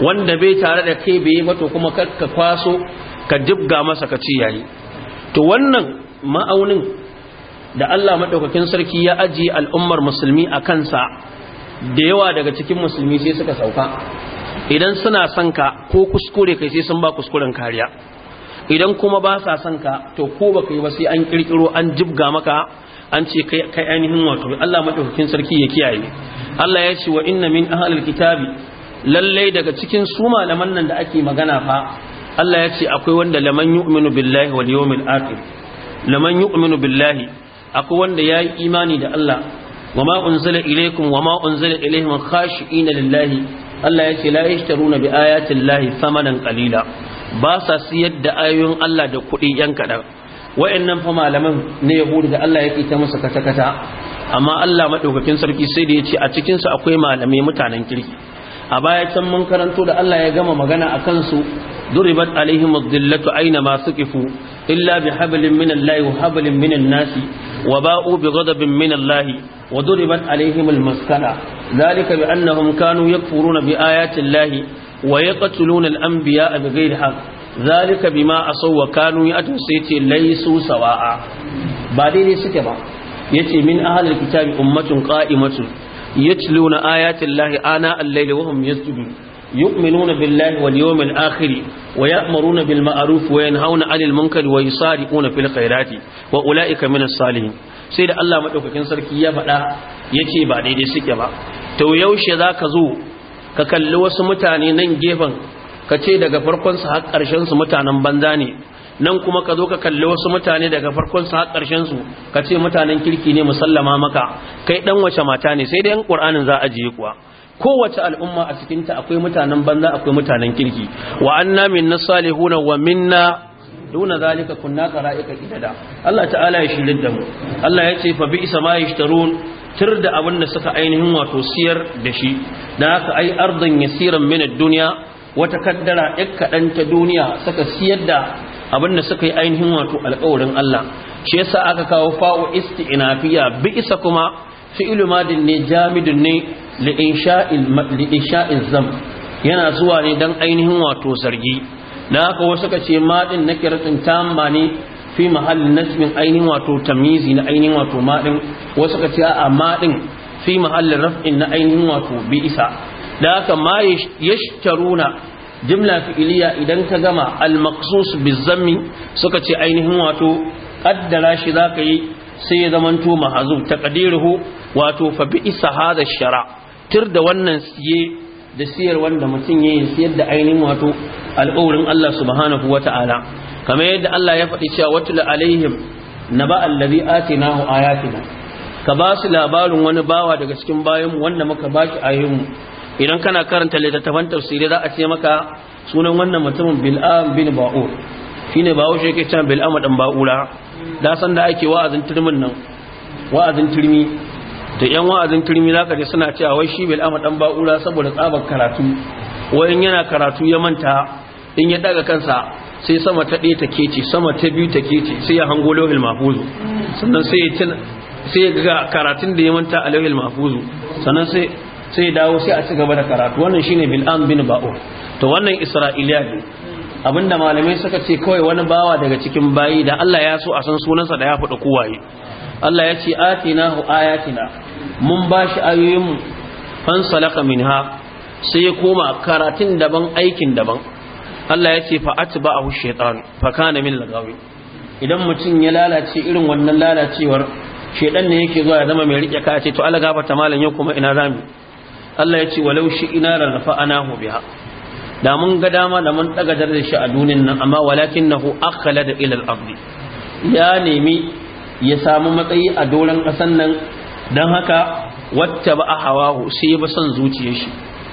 wanda bai tare da kai bai ba to kuma ka kwaso ka jibga masa ka ce yayi to wannan ma'aunin da Allah madaukakin sarki ya ajiye al'ummar musulmi a kansa da yawa daga cikin musulmi sai suka sauka idan suna son ka ko kuskure kai sai sun ba kuskuren kariya idan kuma ba sa son ka to ko baka yi ba sai an kirkiro an jibga maka an ce kai kai ainihin wato Allah madaukakin sarki ya kiyaye Allah ya ce wa inna min ahlil kitabi lalle daga cikin su malaman nan da ake magana fa Allah ya ce akwai wanda laman yu'minu billahi wal yawmil akhir laman yu'minu billahi akwai wanda ya yi imani da Allah wa ma unzila ilaykum wa ma unzila ilayhim khashi'ina lillahi Allah ya ce la yashtaruna bi ayati llahi thamanan qalila ba sa siyar da ayoyin Allah da kuɗi yan kaɗan wa'annan fa malaman ya yahudu da Allah yake ta masa kata-kata amma Allah madaukakin sarki sai da ya ce a cikin su akwai malamai mutanen kirki a baya can mun karanto da Allah ya gama magana akan su duribat alaihim ad aina ma suqifu illa bihablin min Allah wa hablin min an-nas wa ba'u bighadabin min Allah wa duribat alaihim al-maskana dhalika bi annahum kanu yakfuruna bi ayati Allah wa yaqtuluna anbiya bighairi haqq zalika bima aso wa kanu ya ajin sawa'a ba daidai suke ba ya min ahalar kitabi ummatun ka'imatun ya ci luna ayatun lahi ana allaili wa hum yasdubi yu'minuna billahi wal yawmil akhir wa ya'muruna bil ma'ruf wa yanhauna 'anil munkari wa yusari'una fil khairati wa ulaika minas salihin sai da Allah madaukakin sarki ya faɗa yace ba daidai suke ba to yaushe zaka zo ka kalli wasu mutane nan gefen ka ce daga farkon su har su mutanen banza ne nan kuma ka zo ka kalli wasu mutane daga farkon su har su ka ce mutanen kirki ne musallama maka kai ɗan wace mata ne sai dai yan qur'anin za a jiye kuwa kowace al'umma a cikinta akwai mutanen banza akwai mutanen kirki wa anna minna salihuna wa minna duna zalika kunna qara'ika kidada Allah ta'ala ya shirin da mu Allah ya ce fa bi isma yashtarun tur da abin da suka ainihin wato siyar da shi dan haka ai ardan yasiran min ad-dunya wata kaddara ɗan kaɗan ta duniya suka siyar da abin da suka yi ainihin wato alƙawarin Allah shi yasa aka kawo fa'u isti'nafiya bi isa kuma fi'lu madin ne jamidun ne li insha'il li insha'il zam yana zuwa ne dan ainihin wato zargi dan haka wasu suka ce madin kiratin tamma ne fi mahallin nasbin ainihin wato tamyizi na ainihin wato madin wasu suka ce a madin fi mahallin raf'in na ainihin wato bi isa da haka ma yashtaruna jimla fi'iliya idan ka gama al-maqsus bizammi suka ce ainihin wato kaddara shi zaka yi sai ya zamanto mahazuf taqdiruhu wato fa bi'sa hadha shara tir da wannan siye da siyar wanda mutum yayi siyar da ainihin wato al'aurin Allah subhanahu wata'ala kamar yadda Allah ya faɗi cewa watul alaihim naba allazi atinahu ayatina ka ba su labarin wani bawa daga cikin bayanmu wanda muka ba shi ayoyinmu idan kana karanta littattafan tafsiri za a ce maka sunan wannan mutumin bil'am bin ba'ur ne ba'ur shi yake cewa bil'am dan ba'ura da san da ake wa'azin turmin nan wa'azin turmi da yan wa'azin turmi za ka je suna cewa wai shi bil'am dan ba'ura saboda tsabar karatu wai in yana karatu ya manta in ya daga kansa sai sama ta ɗaya ta kece sama ta biyu ta kece sai ya hango lauhil mahfuzu sannan sai ya sai ga karatun da ya manta a lauhil mahfuzu sannan sai sai dawo sai a ci gaba da karatu wannan shine bil'am bin ba'ur to wannan isra'iliya ne abinda malamai suka ce kawai wani bawa daga cikin bayi da Allah ya so a san sunansa da ya fada kowaye Allah ya ce hu ayatina mun bashi ayoyin salaka minha sai ya koma karatun daban aikin daban Allah ya ce fa atba'ahu shaytan fa kana min lagawi idan mutum ya lalace irin wannan lalacewar shedan ne yake zuwa ya zama mai rike ka ce to Allah gafarta malam yau kuma ina zamu Allah ya ce walau shi ina rarrafa anahu biha da mun ga dama da mun daga da shi a duniyar nan amma walakinahu akhala da ilal ardi ya nemi ya samu matsayi a doron kasan nan dan haka wata ba a hawahu sai ya ba son zuciyar shi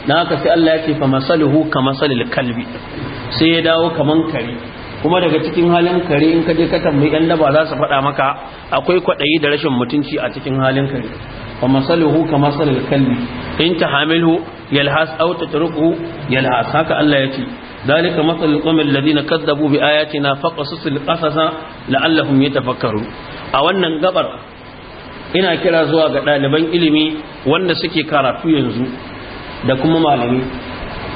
dan haka sai Allah ya ce fa masaluhu ka masalil kalbi sai ya dawo kaman kare kuma daga cikin halin kare in ka je ka tambayi yan daba za su faɗa maka akwai kwaɗayi da rashin mutunci a cikin halin kare fa masaluhu ka masalil kalbi in Hamilu yalhas aw tatruku yalhas haka Allah ya yace ذلك مثل القوم kazzabu bi بآياتنا فقصص qasasa la'allahum yatafakkaru a wannan gabar ina kira zuwa ga ɗaliban ilimi wanda suke karatu yanzu da kuma malami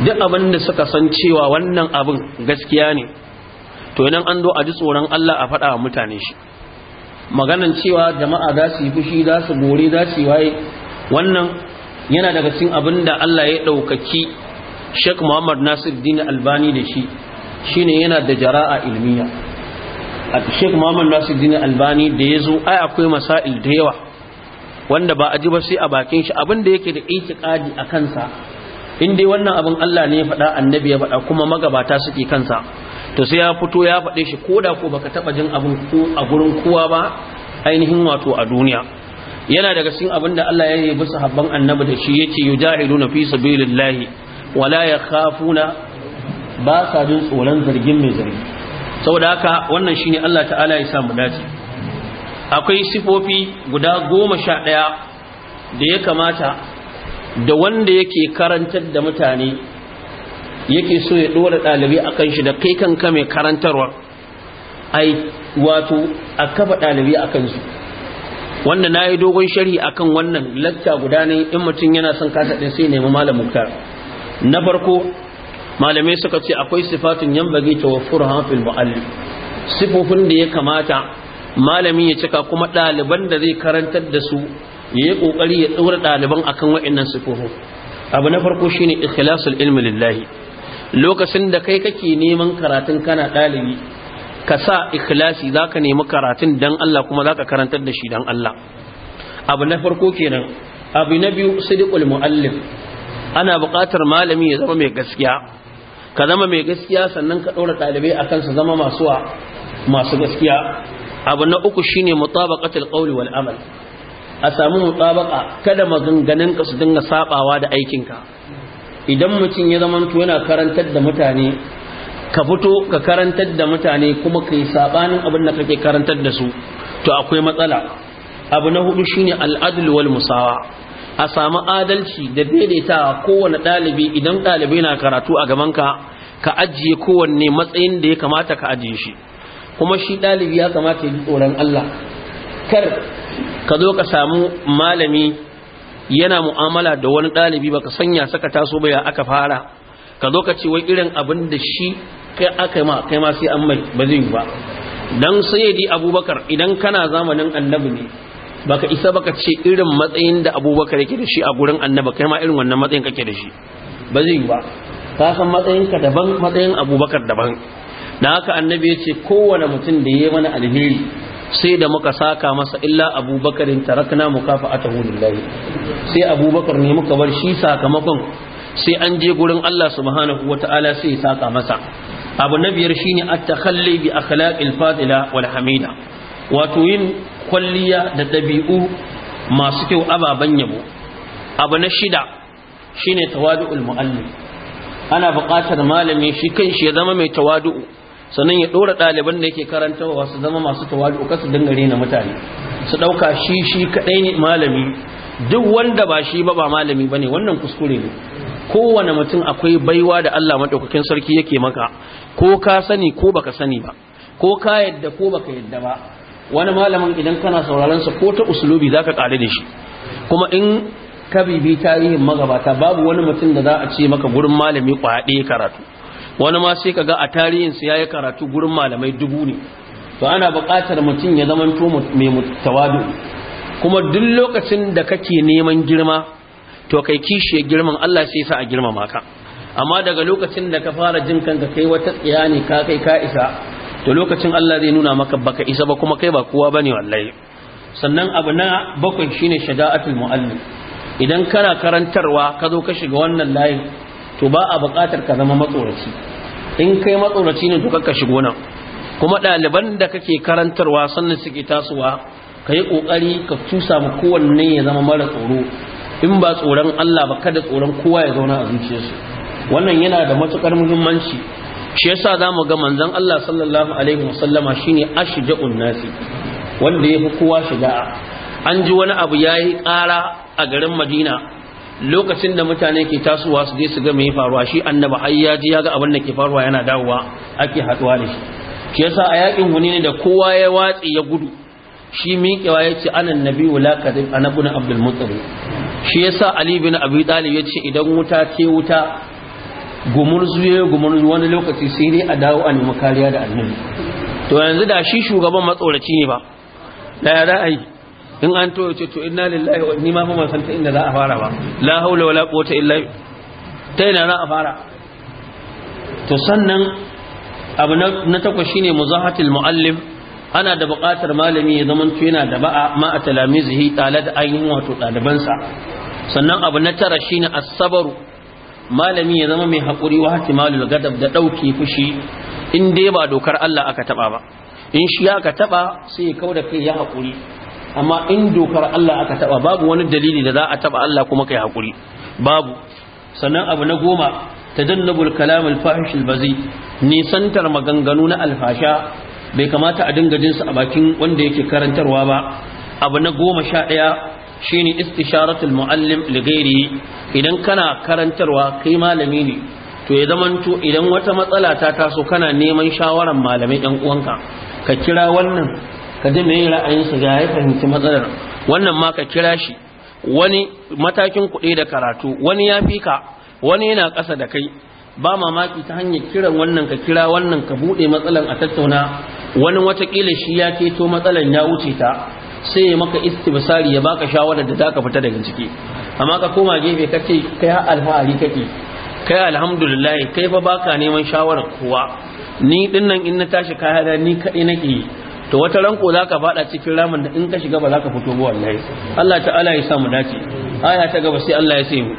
duk abin da suka san cewa wannan abin gaskiya ne to yanan an zo a ji tsoron Allah a faɗa wa mutane shi maganan cewa jama'a za su yi fushi za su gore za su waye wannan yana daga cikin abin da Allah ya ɗaukaki Sheikh Muhammad Nasir Dini Albani da shi shine yana da jara'a ilmiya Sheikh Muhammad Nasir Dini Albani da ya zo ai akwai masail da yawa wanda ba a ji ba sai a bakin shi abin da yake da itikadi a kansa in dai wannan abin Allah ne ya faɗa annabi ya faɗa kuma magabata suke kansa to sai ya fito ya faɗe shi ko da ko baka taɓa jin abin ko a gurin kowa ba ainihin wato a duniya yana daga cikin abin da Allah ya yi bi sahabban annabi da shi yace yujahiduna fi sabilillahi wala yakhafuna ba sa jin tsoron zargin mai zargi saboda haka wannan shine Allah ta'ala ya sa mu dace akwai sifofi guda goma sha ɗaya da ya kamata da wanda yake karantar da mutane yake so ya ɗora ɗalibai a kan shi da kai kanka mai karantarwa ai wato a kafa ɗalibai a su. wanda na yi dogon sharhi a kan wannan lakta guda ne in mutum yana son kasa ɗin sai nemi malam muktar na farko malamai suka ce akwai sifatin yan bagi ta wafur hafil mu'allim sifofin da ya kamata malami ya cika kuma ɗaliban da zai karantar da su ya yi ƙoƙari ya ɗora ɗaliban akan waɗannan sifofin abu na farko shine ikhlasul ilmi lillahi lokacin da kai kake neman karatun kana ɗalibi ka sa ikhlasi za ka nemi karatun dan Allah kuma za ka karantar da shi dan Allah abu na farko kenan abu na biyu sidiqul muallim ana buƙatar malami ya zama mai gaskiya ka zama mai gaskiya sannan ka ɗora ɗalibai a su zama masu masu gaskiya abu na uku shine mutabaqatul qawli wal amal a samu mutabaka kada maganganunka su dinga sabawa da aikinka idan mutum ya zama to yana karantar da mutane ka fito ka karantar da mutane kuma ka yi sabanin abin da kake karantar da su to akwai matsala abu na hudu shine al'adul wal musawa a samu adalci da daidaitawa kowane ɗalibi idan ɗalibai na karatu a gaban ka ka ajiye kowanne matsayin da ya kamata ka ajiye shi kuma shi ɗalibi ya kamata ya ji tsoron Allah kar ka zo ka samu malami yana mu'amala da wani ɗalibi baka sanya saka taso ba ya aka fara ka zo ka ce wai irin abin da shi kai aka ma kai ma sai an mai ba zai yi ba dan sayyidi abubakar idan kana zamanin annabi ne baka isa baka ce irin matsayin da abubakar yake da shi a gurin annabi kai ma irin wannan matsayin kake da shi ba zai yi ba ka san matsayinka daban matsayin abubakar daban da haka annabi ya ce kowane mutum da ya yi mana alheri sai da muka saka masa illa abubakarin tarakna mukafa a lillahi sai abubakar ne muka bar shi sakamakon sai an je gurin Allah subhanahu wa ta'ala sai ya saka masa abu na biyar shine at-takhalli bi akhlaqil fadila wal hamida wato yin kwalliya da dabi'u masu kyau ababan yabo abu na shida shine tawadu'ul muallim ana buƙatar malami shi kanshi ya zama mai tawadu'u sannan ya dora ɗaliban da yake karantawa su zama masu tawali uka su dangare na mutane su ɗauka shi shi kaɗai ne malami duk wanda ba shi ba ba malami ba ne wannan kuskure ne kowane mutum akwai baiwa da Allah maɗaukakin sarki yake maka ko ka sani ko baka sani ba ko ka yadda ko baka yadda ba wani malamin idan kana sauraron sa ko ta usulubi zaka ƙare da shi kuma in ka bibi tarihin magabata babu wani mutum da za a ce maka gurin malami kwaɗe karatu wani ma sai kaga a tarihin su yi karatu gurin malamai dubu ne to ana buƙatar mutum ya zamanto mai mutawadu kuma duk lokacin da kake neman girma to kai kishiye girman Allah sai sa a girmama ka amma daga lokacin da ka fara jin kanka kai wata tsiya ne ka kai ka isa to lokacin Allah zai nuna maka baka isa ba kuma kai ba kowa bane wallahi sannan abu na bakwai shine shaja'atul muallim idan kana karantarwa ka zo ka shiga wannan layin to ba a buƙatar ka zama matsoraci in kai matsoraci ne to kakka shigo nan kuma ɗaliban da kake karantarwa sannan suke tasowa ka yi ƙoƙari ka cusa ma kowanne ya zama mara tsoro in ba tsoron Allah ba kada tsoron kowa ya zauna a zuciyarsu wannan yana da matuƙar muhimmanci shi yasa za mu ga manzon Allah sallallahu alaihi wasallama shine ashja'un nasi wanda yafi kowa shiga an ji wani abu yayi ƙara a garin Madina lokacin da mutane ke tasowa su je su ga mai faruwa shi annaba ai ya ji ya ga abin da ke faruwa yana dawowa ake haɗuwa da shi shi yasa a yakin huni ne da kowa ya watsi ya gudu shi miƙewa ya ce anan nabi wala kadin anabuna abdul mutsari shi yasa ali bin abi talib ya ce idan wuta ce wuta gumurzu ya gumurzu wani lokaci sai dai a dawo a nemi kariya da annabi to yanzu da shi shugaban matsoraci ne ba da ya ra'ayi in an to ce to inna lillahi wa ni ma fa san ta inda za a fara ba la haula wala quwwata illa ta ina za a fara to sannan abu na takwas shine muzahatul muallim ana da buƙatar malami ya zama yana da ba'a ma a talamizihi tare da ainihin wato ɗalibansa sannan abu na tara shine as-sabaru malami ya zama mai haƙuri wa hatimalul gadab da ɗauke fushi in dai ba dokar Allah aka taɓa ba in shi aka taɓa sai ya kauda kai ya haƙuri amma in dokar Allah aka taba babu wani dalili da za a taba Allah kuma kai hakuri babu sannan abu na goma ta kalam al-fahish al-bazi nisantar maganganu na alfasha bai kamata a dinga jinsu a bakin wanda yake karantarwa ba abu na goma sha ɗaya shine istisharatul muallim li idan kana karantarwa kai malami ne to ya zamanto idan wata matsala ta taso kana neman shawaran malamai ɗan uwanka ka kira wannan ka ji mai ra'ayinsa ga ya fahimci matsalar wannan ma ka kira shi wani matakin kuɗi da karatu wani ya fi ka wani yana ƙasa da kai ba mamaki ta hanyar kiran wannan ka kira wannan ka buɗe matsalar. a tattauna wani watakila shi ya keto matsalar, ya wuce ta sai ya maka istibsari ya baka shawarar da zaka fita daga ciki amma ka koma gefe ka ce kai alfahari kake kai alhamdulillah kai fa baka neman shawarar kowa ni dinnan in na tashi kaya da ni kadai nake to wata ranko za ka fada cikin ramin da in ka shiga ba za ka fito ba wallahi Allah ta'ala ya sa mu dace aya ta gaba sai Allah ya sai mu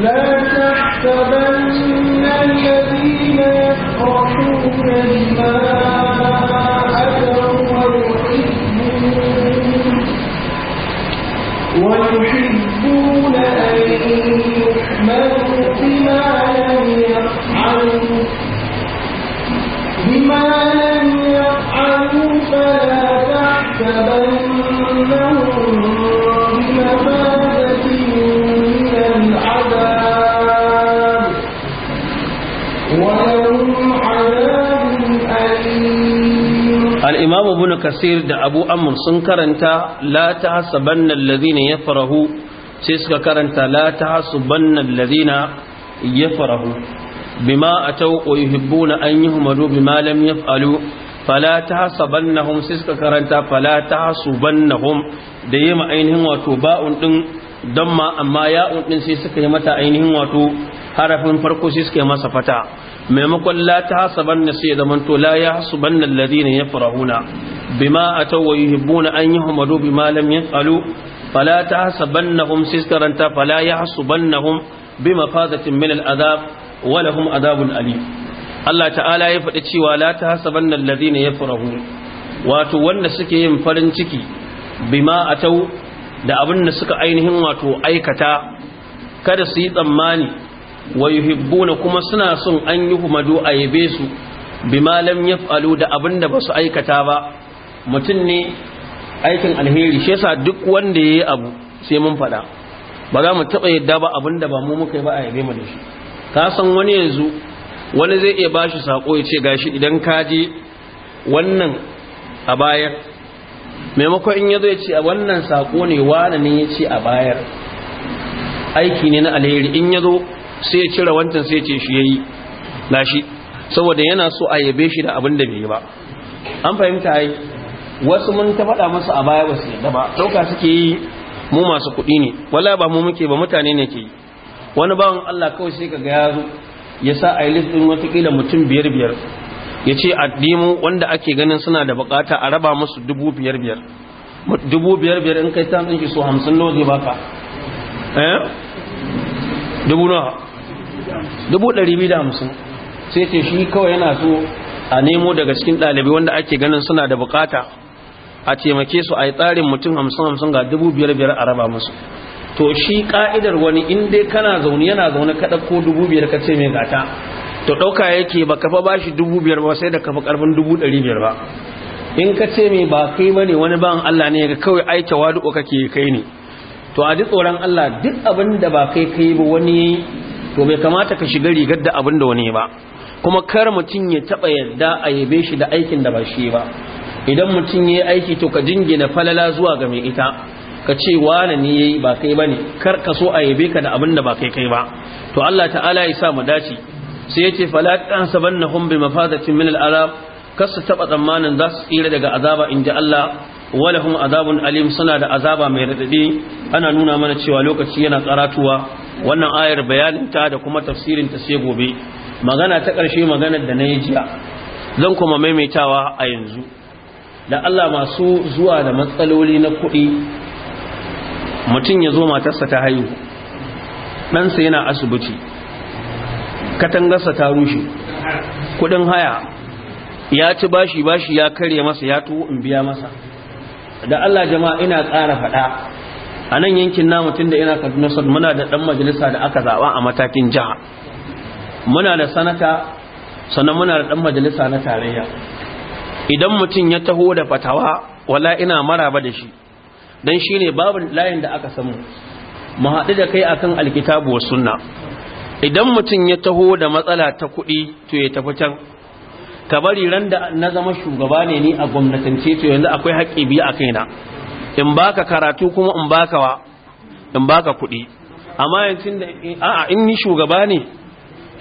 لا تحسبن الذين يفرحون بما أتوا ويحبون الإمام ابن كثير دا أبو أمر سنكرنتا لا تحسبن الذين يفرحوا سيسكا كرنتا لا تحسبن الذين يفرحوا بما أتوا ويحبون أن يهملوا بما لم يفعلوا fala tahsabannahum sai suka karanta fala tahsubannahum da yema ainihin wato ba'un din damma amma ya'un din sai suka yi mata ainihin wato harafin farko sai masa fata maimakon la tahsabanna sai zaman to la yahsubanna alladhina yafrahuna bima ataw wa yuhibbuna an yuhmadu bima lam yafalu fala tahsabannahum sai suka karanta fala yahsubannahum bima fadatin min al'adab wa lahum adabun alim Allah ta'ala ya faɗi cewa la ta hasaban nan lazina ya furahu wato wanda suke yin farin ciki bima a tau da abin da suka ainihin wato aikata kada su yi tsammani wa na kuma suna son an yi humado a yabe su bima lam yaf'alu da abin da basu aikata ba mutum ne aikin alheri shi yasa duk wanda yayi abu sai mun faɗa ba za mu taɓa yadda ba abinda ba mu muka yi ba a yabe mu da shi ka san wani yanzu wani zai iya bashi sako ya ce gashi idan ka je wannan a bayar maimakon in yazo ya ce a wannan sako ne wani ne ya ce a bayar aiki ne na alheri in yazo sai ya cire wancan sai ya ce shi yayi Gashi saboda yana so a yabe shi da abin da bai yi ba an fahimta ai wasu mun ta faɗa masa a baya ba su yadda ba ɗauka suke yi mu masu kuɗi ne wala ba mu muke ba mutane ne ke yi wani bawan Allah kawai sai kaga ya zo ya sa a yi list ɗin watakila mutum biyar biyar ya ce a dimu wanda ake ganin suna da bukata a raba musu dubu biyar biyar dubu biyar biyar in kai tamin shi so hamsin nawa zai baka eh dubu nawa dubu ɗari biyu da hamsin sai ce shi kawai yana so a nemo daga cikin ɗalibai wanda ake ganin suna da bukata a taimake su a yi tsarin mutum hamsin hamsin ga dubu biyar biyar a raba musu to shi ka'idar wani in dai kana zaune yana zaune ka ɗauko dubu biyar ka ce mai gata to ɗauka yake ba kafa ba shi dubu biyar ba sai da kafa ƙarfin dubu ɗari biyar ba in ka ce mai ba kai ba ne wani ban Allah ne ga kawai aita wadu kake kai ne to a ji tsoron Allah duk abin da ba kai kai ba wani to bai kamata ka shiga rigar da abin da wani ba kuma kar mutum ya taɓa yadda a yabe shi da aikin da ba shi ba idan mutum ya yi aiki to ka jingina falala zuwa ga mai ita ka ce wane ne yayi ba kai bane kar ka so a yabe ka da abin da ba kai kai ba to Allah ta'ala ya sa mu dace sai yace fala tahsabannahum bimafadatin min al'azab kasu taba tsammanin za su tsira daga azaba in ji Allah walahum azabun alim suna da azaba mai radadi ana nuna mana cewa lokaci yana karatuwa wannan ayar bayanin ta da kuma tafsirin ta sai gobe magana ta ƙarshe maganar da na yi jiya zan kuma maimaitawa a yanzu da Allah masu zuwa da matsaloli na kuɗi mutum ya zo matarsa ta haihu ɗansa yana asibiti katangarsa ta rushe kudin haya ya ci bashi bashi ya karye masa ya tuwo in biya masa da Allah jama'a ina ƙara faɗa a nan yankin na mutum da ina kaduna sad muna da ɗan majalisa da aka zaɓa a matakin jiha muna da sanata sannan muna da ɗan majalisa na tarayya idan mutum ya taho da fatawa wala ina maraba da shi dan shine babin layin da aka samu mu haɗu da kai akan alkitabu was sunna idan mutum ya taho da matsala ta kuɗi to ya tafi can ka bari ran da na zama shugaba ne ni a gwamnatance to yanzu akwai haƙƙi biyu a kaina in baka karatu kuma in baka wa in baka kuɗi amma yanzu da a'a in ni shugaba ne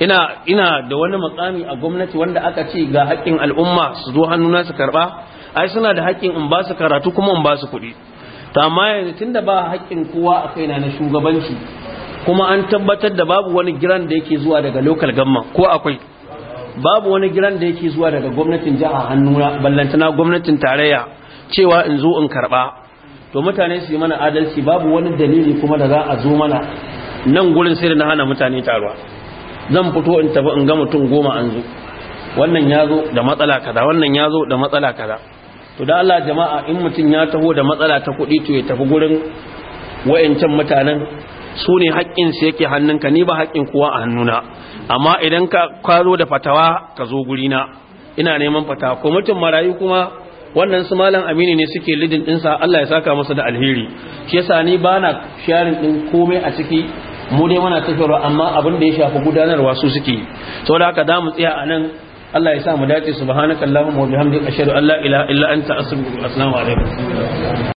ina ina da wani makami a gwamnati wanda aka ce ga haƙƙin al'umma su zo hannuna su karba ai suna da haƙƙin in ba su karatu kuma in ba su kuɗi to amma yanzu tunda ba haƙƙin kowa a kaina na shugabanci kuma an tabbatar da babu wani giran da yake zuwa daga local gamma ko akwai babu wani giran da yake zuwa daga gwamnatin jiha hannuna ballantana gwamnatin tarayya cewa in zo in karɓa to mutane su yi mana adalci babu wani dalili kuma da za a zo mana nan gurin sai da na hana mutane taruwa zan fito in tafi in ga mutum goma an zo wannan ya zo da matsala kaza wannan ya zo da matsala kaza to da Allah jama'a in mutum ya taho da matsala ta kuɗi to ya tafi gurin wayancan mutanen su ne haƙƙinsu yake hannunka ni ba haƙƙin kowa a hannuna amma idan ka kwaro da fatawa ka zo gurina ina neman fatawa ko mutum marayu kuma wannan su malam amini ne suke lidin ɗinsa Allah ya saka masa da alheri shi yasa ni ba na sharin ɗin komai a ciki mu dai muna tafiyarwa amma abin da ya shafi gudanarwa su suke saboda haka za mu tsaya a nan Allah ya sa mu dace subhanakallahumma wa bihamdika ashhadu an la ilaha illa anta astaghfiruka wa atubu ilaik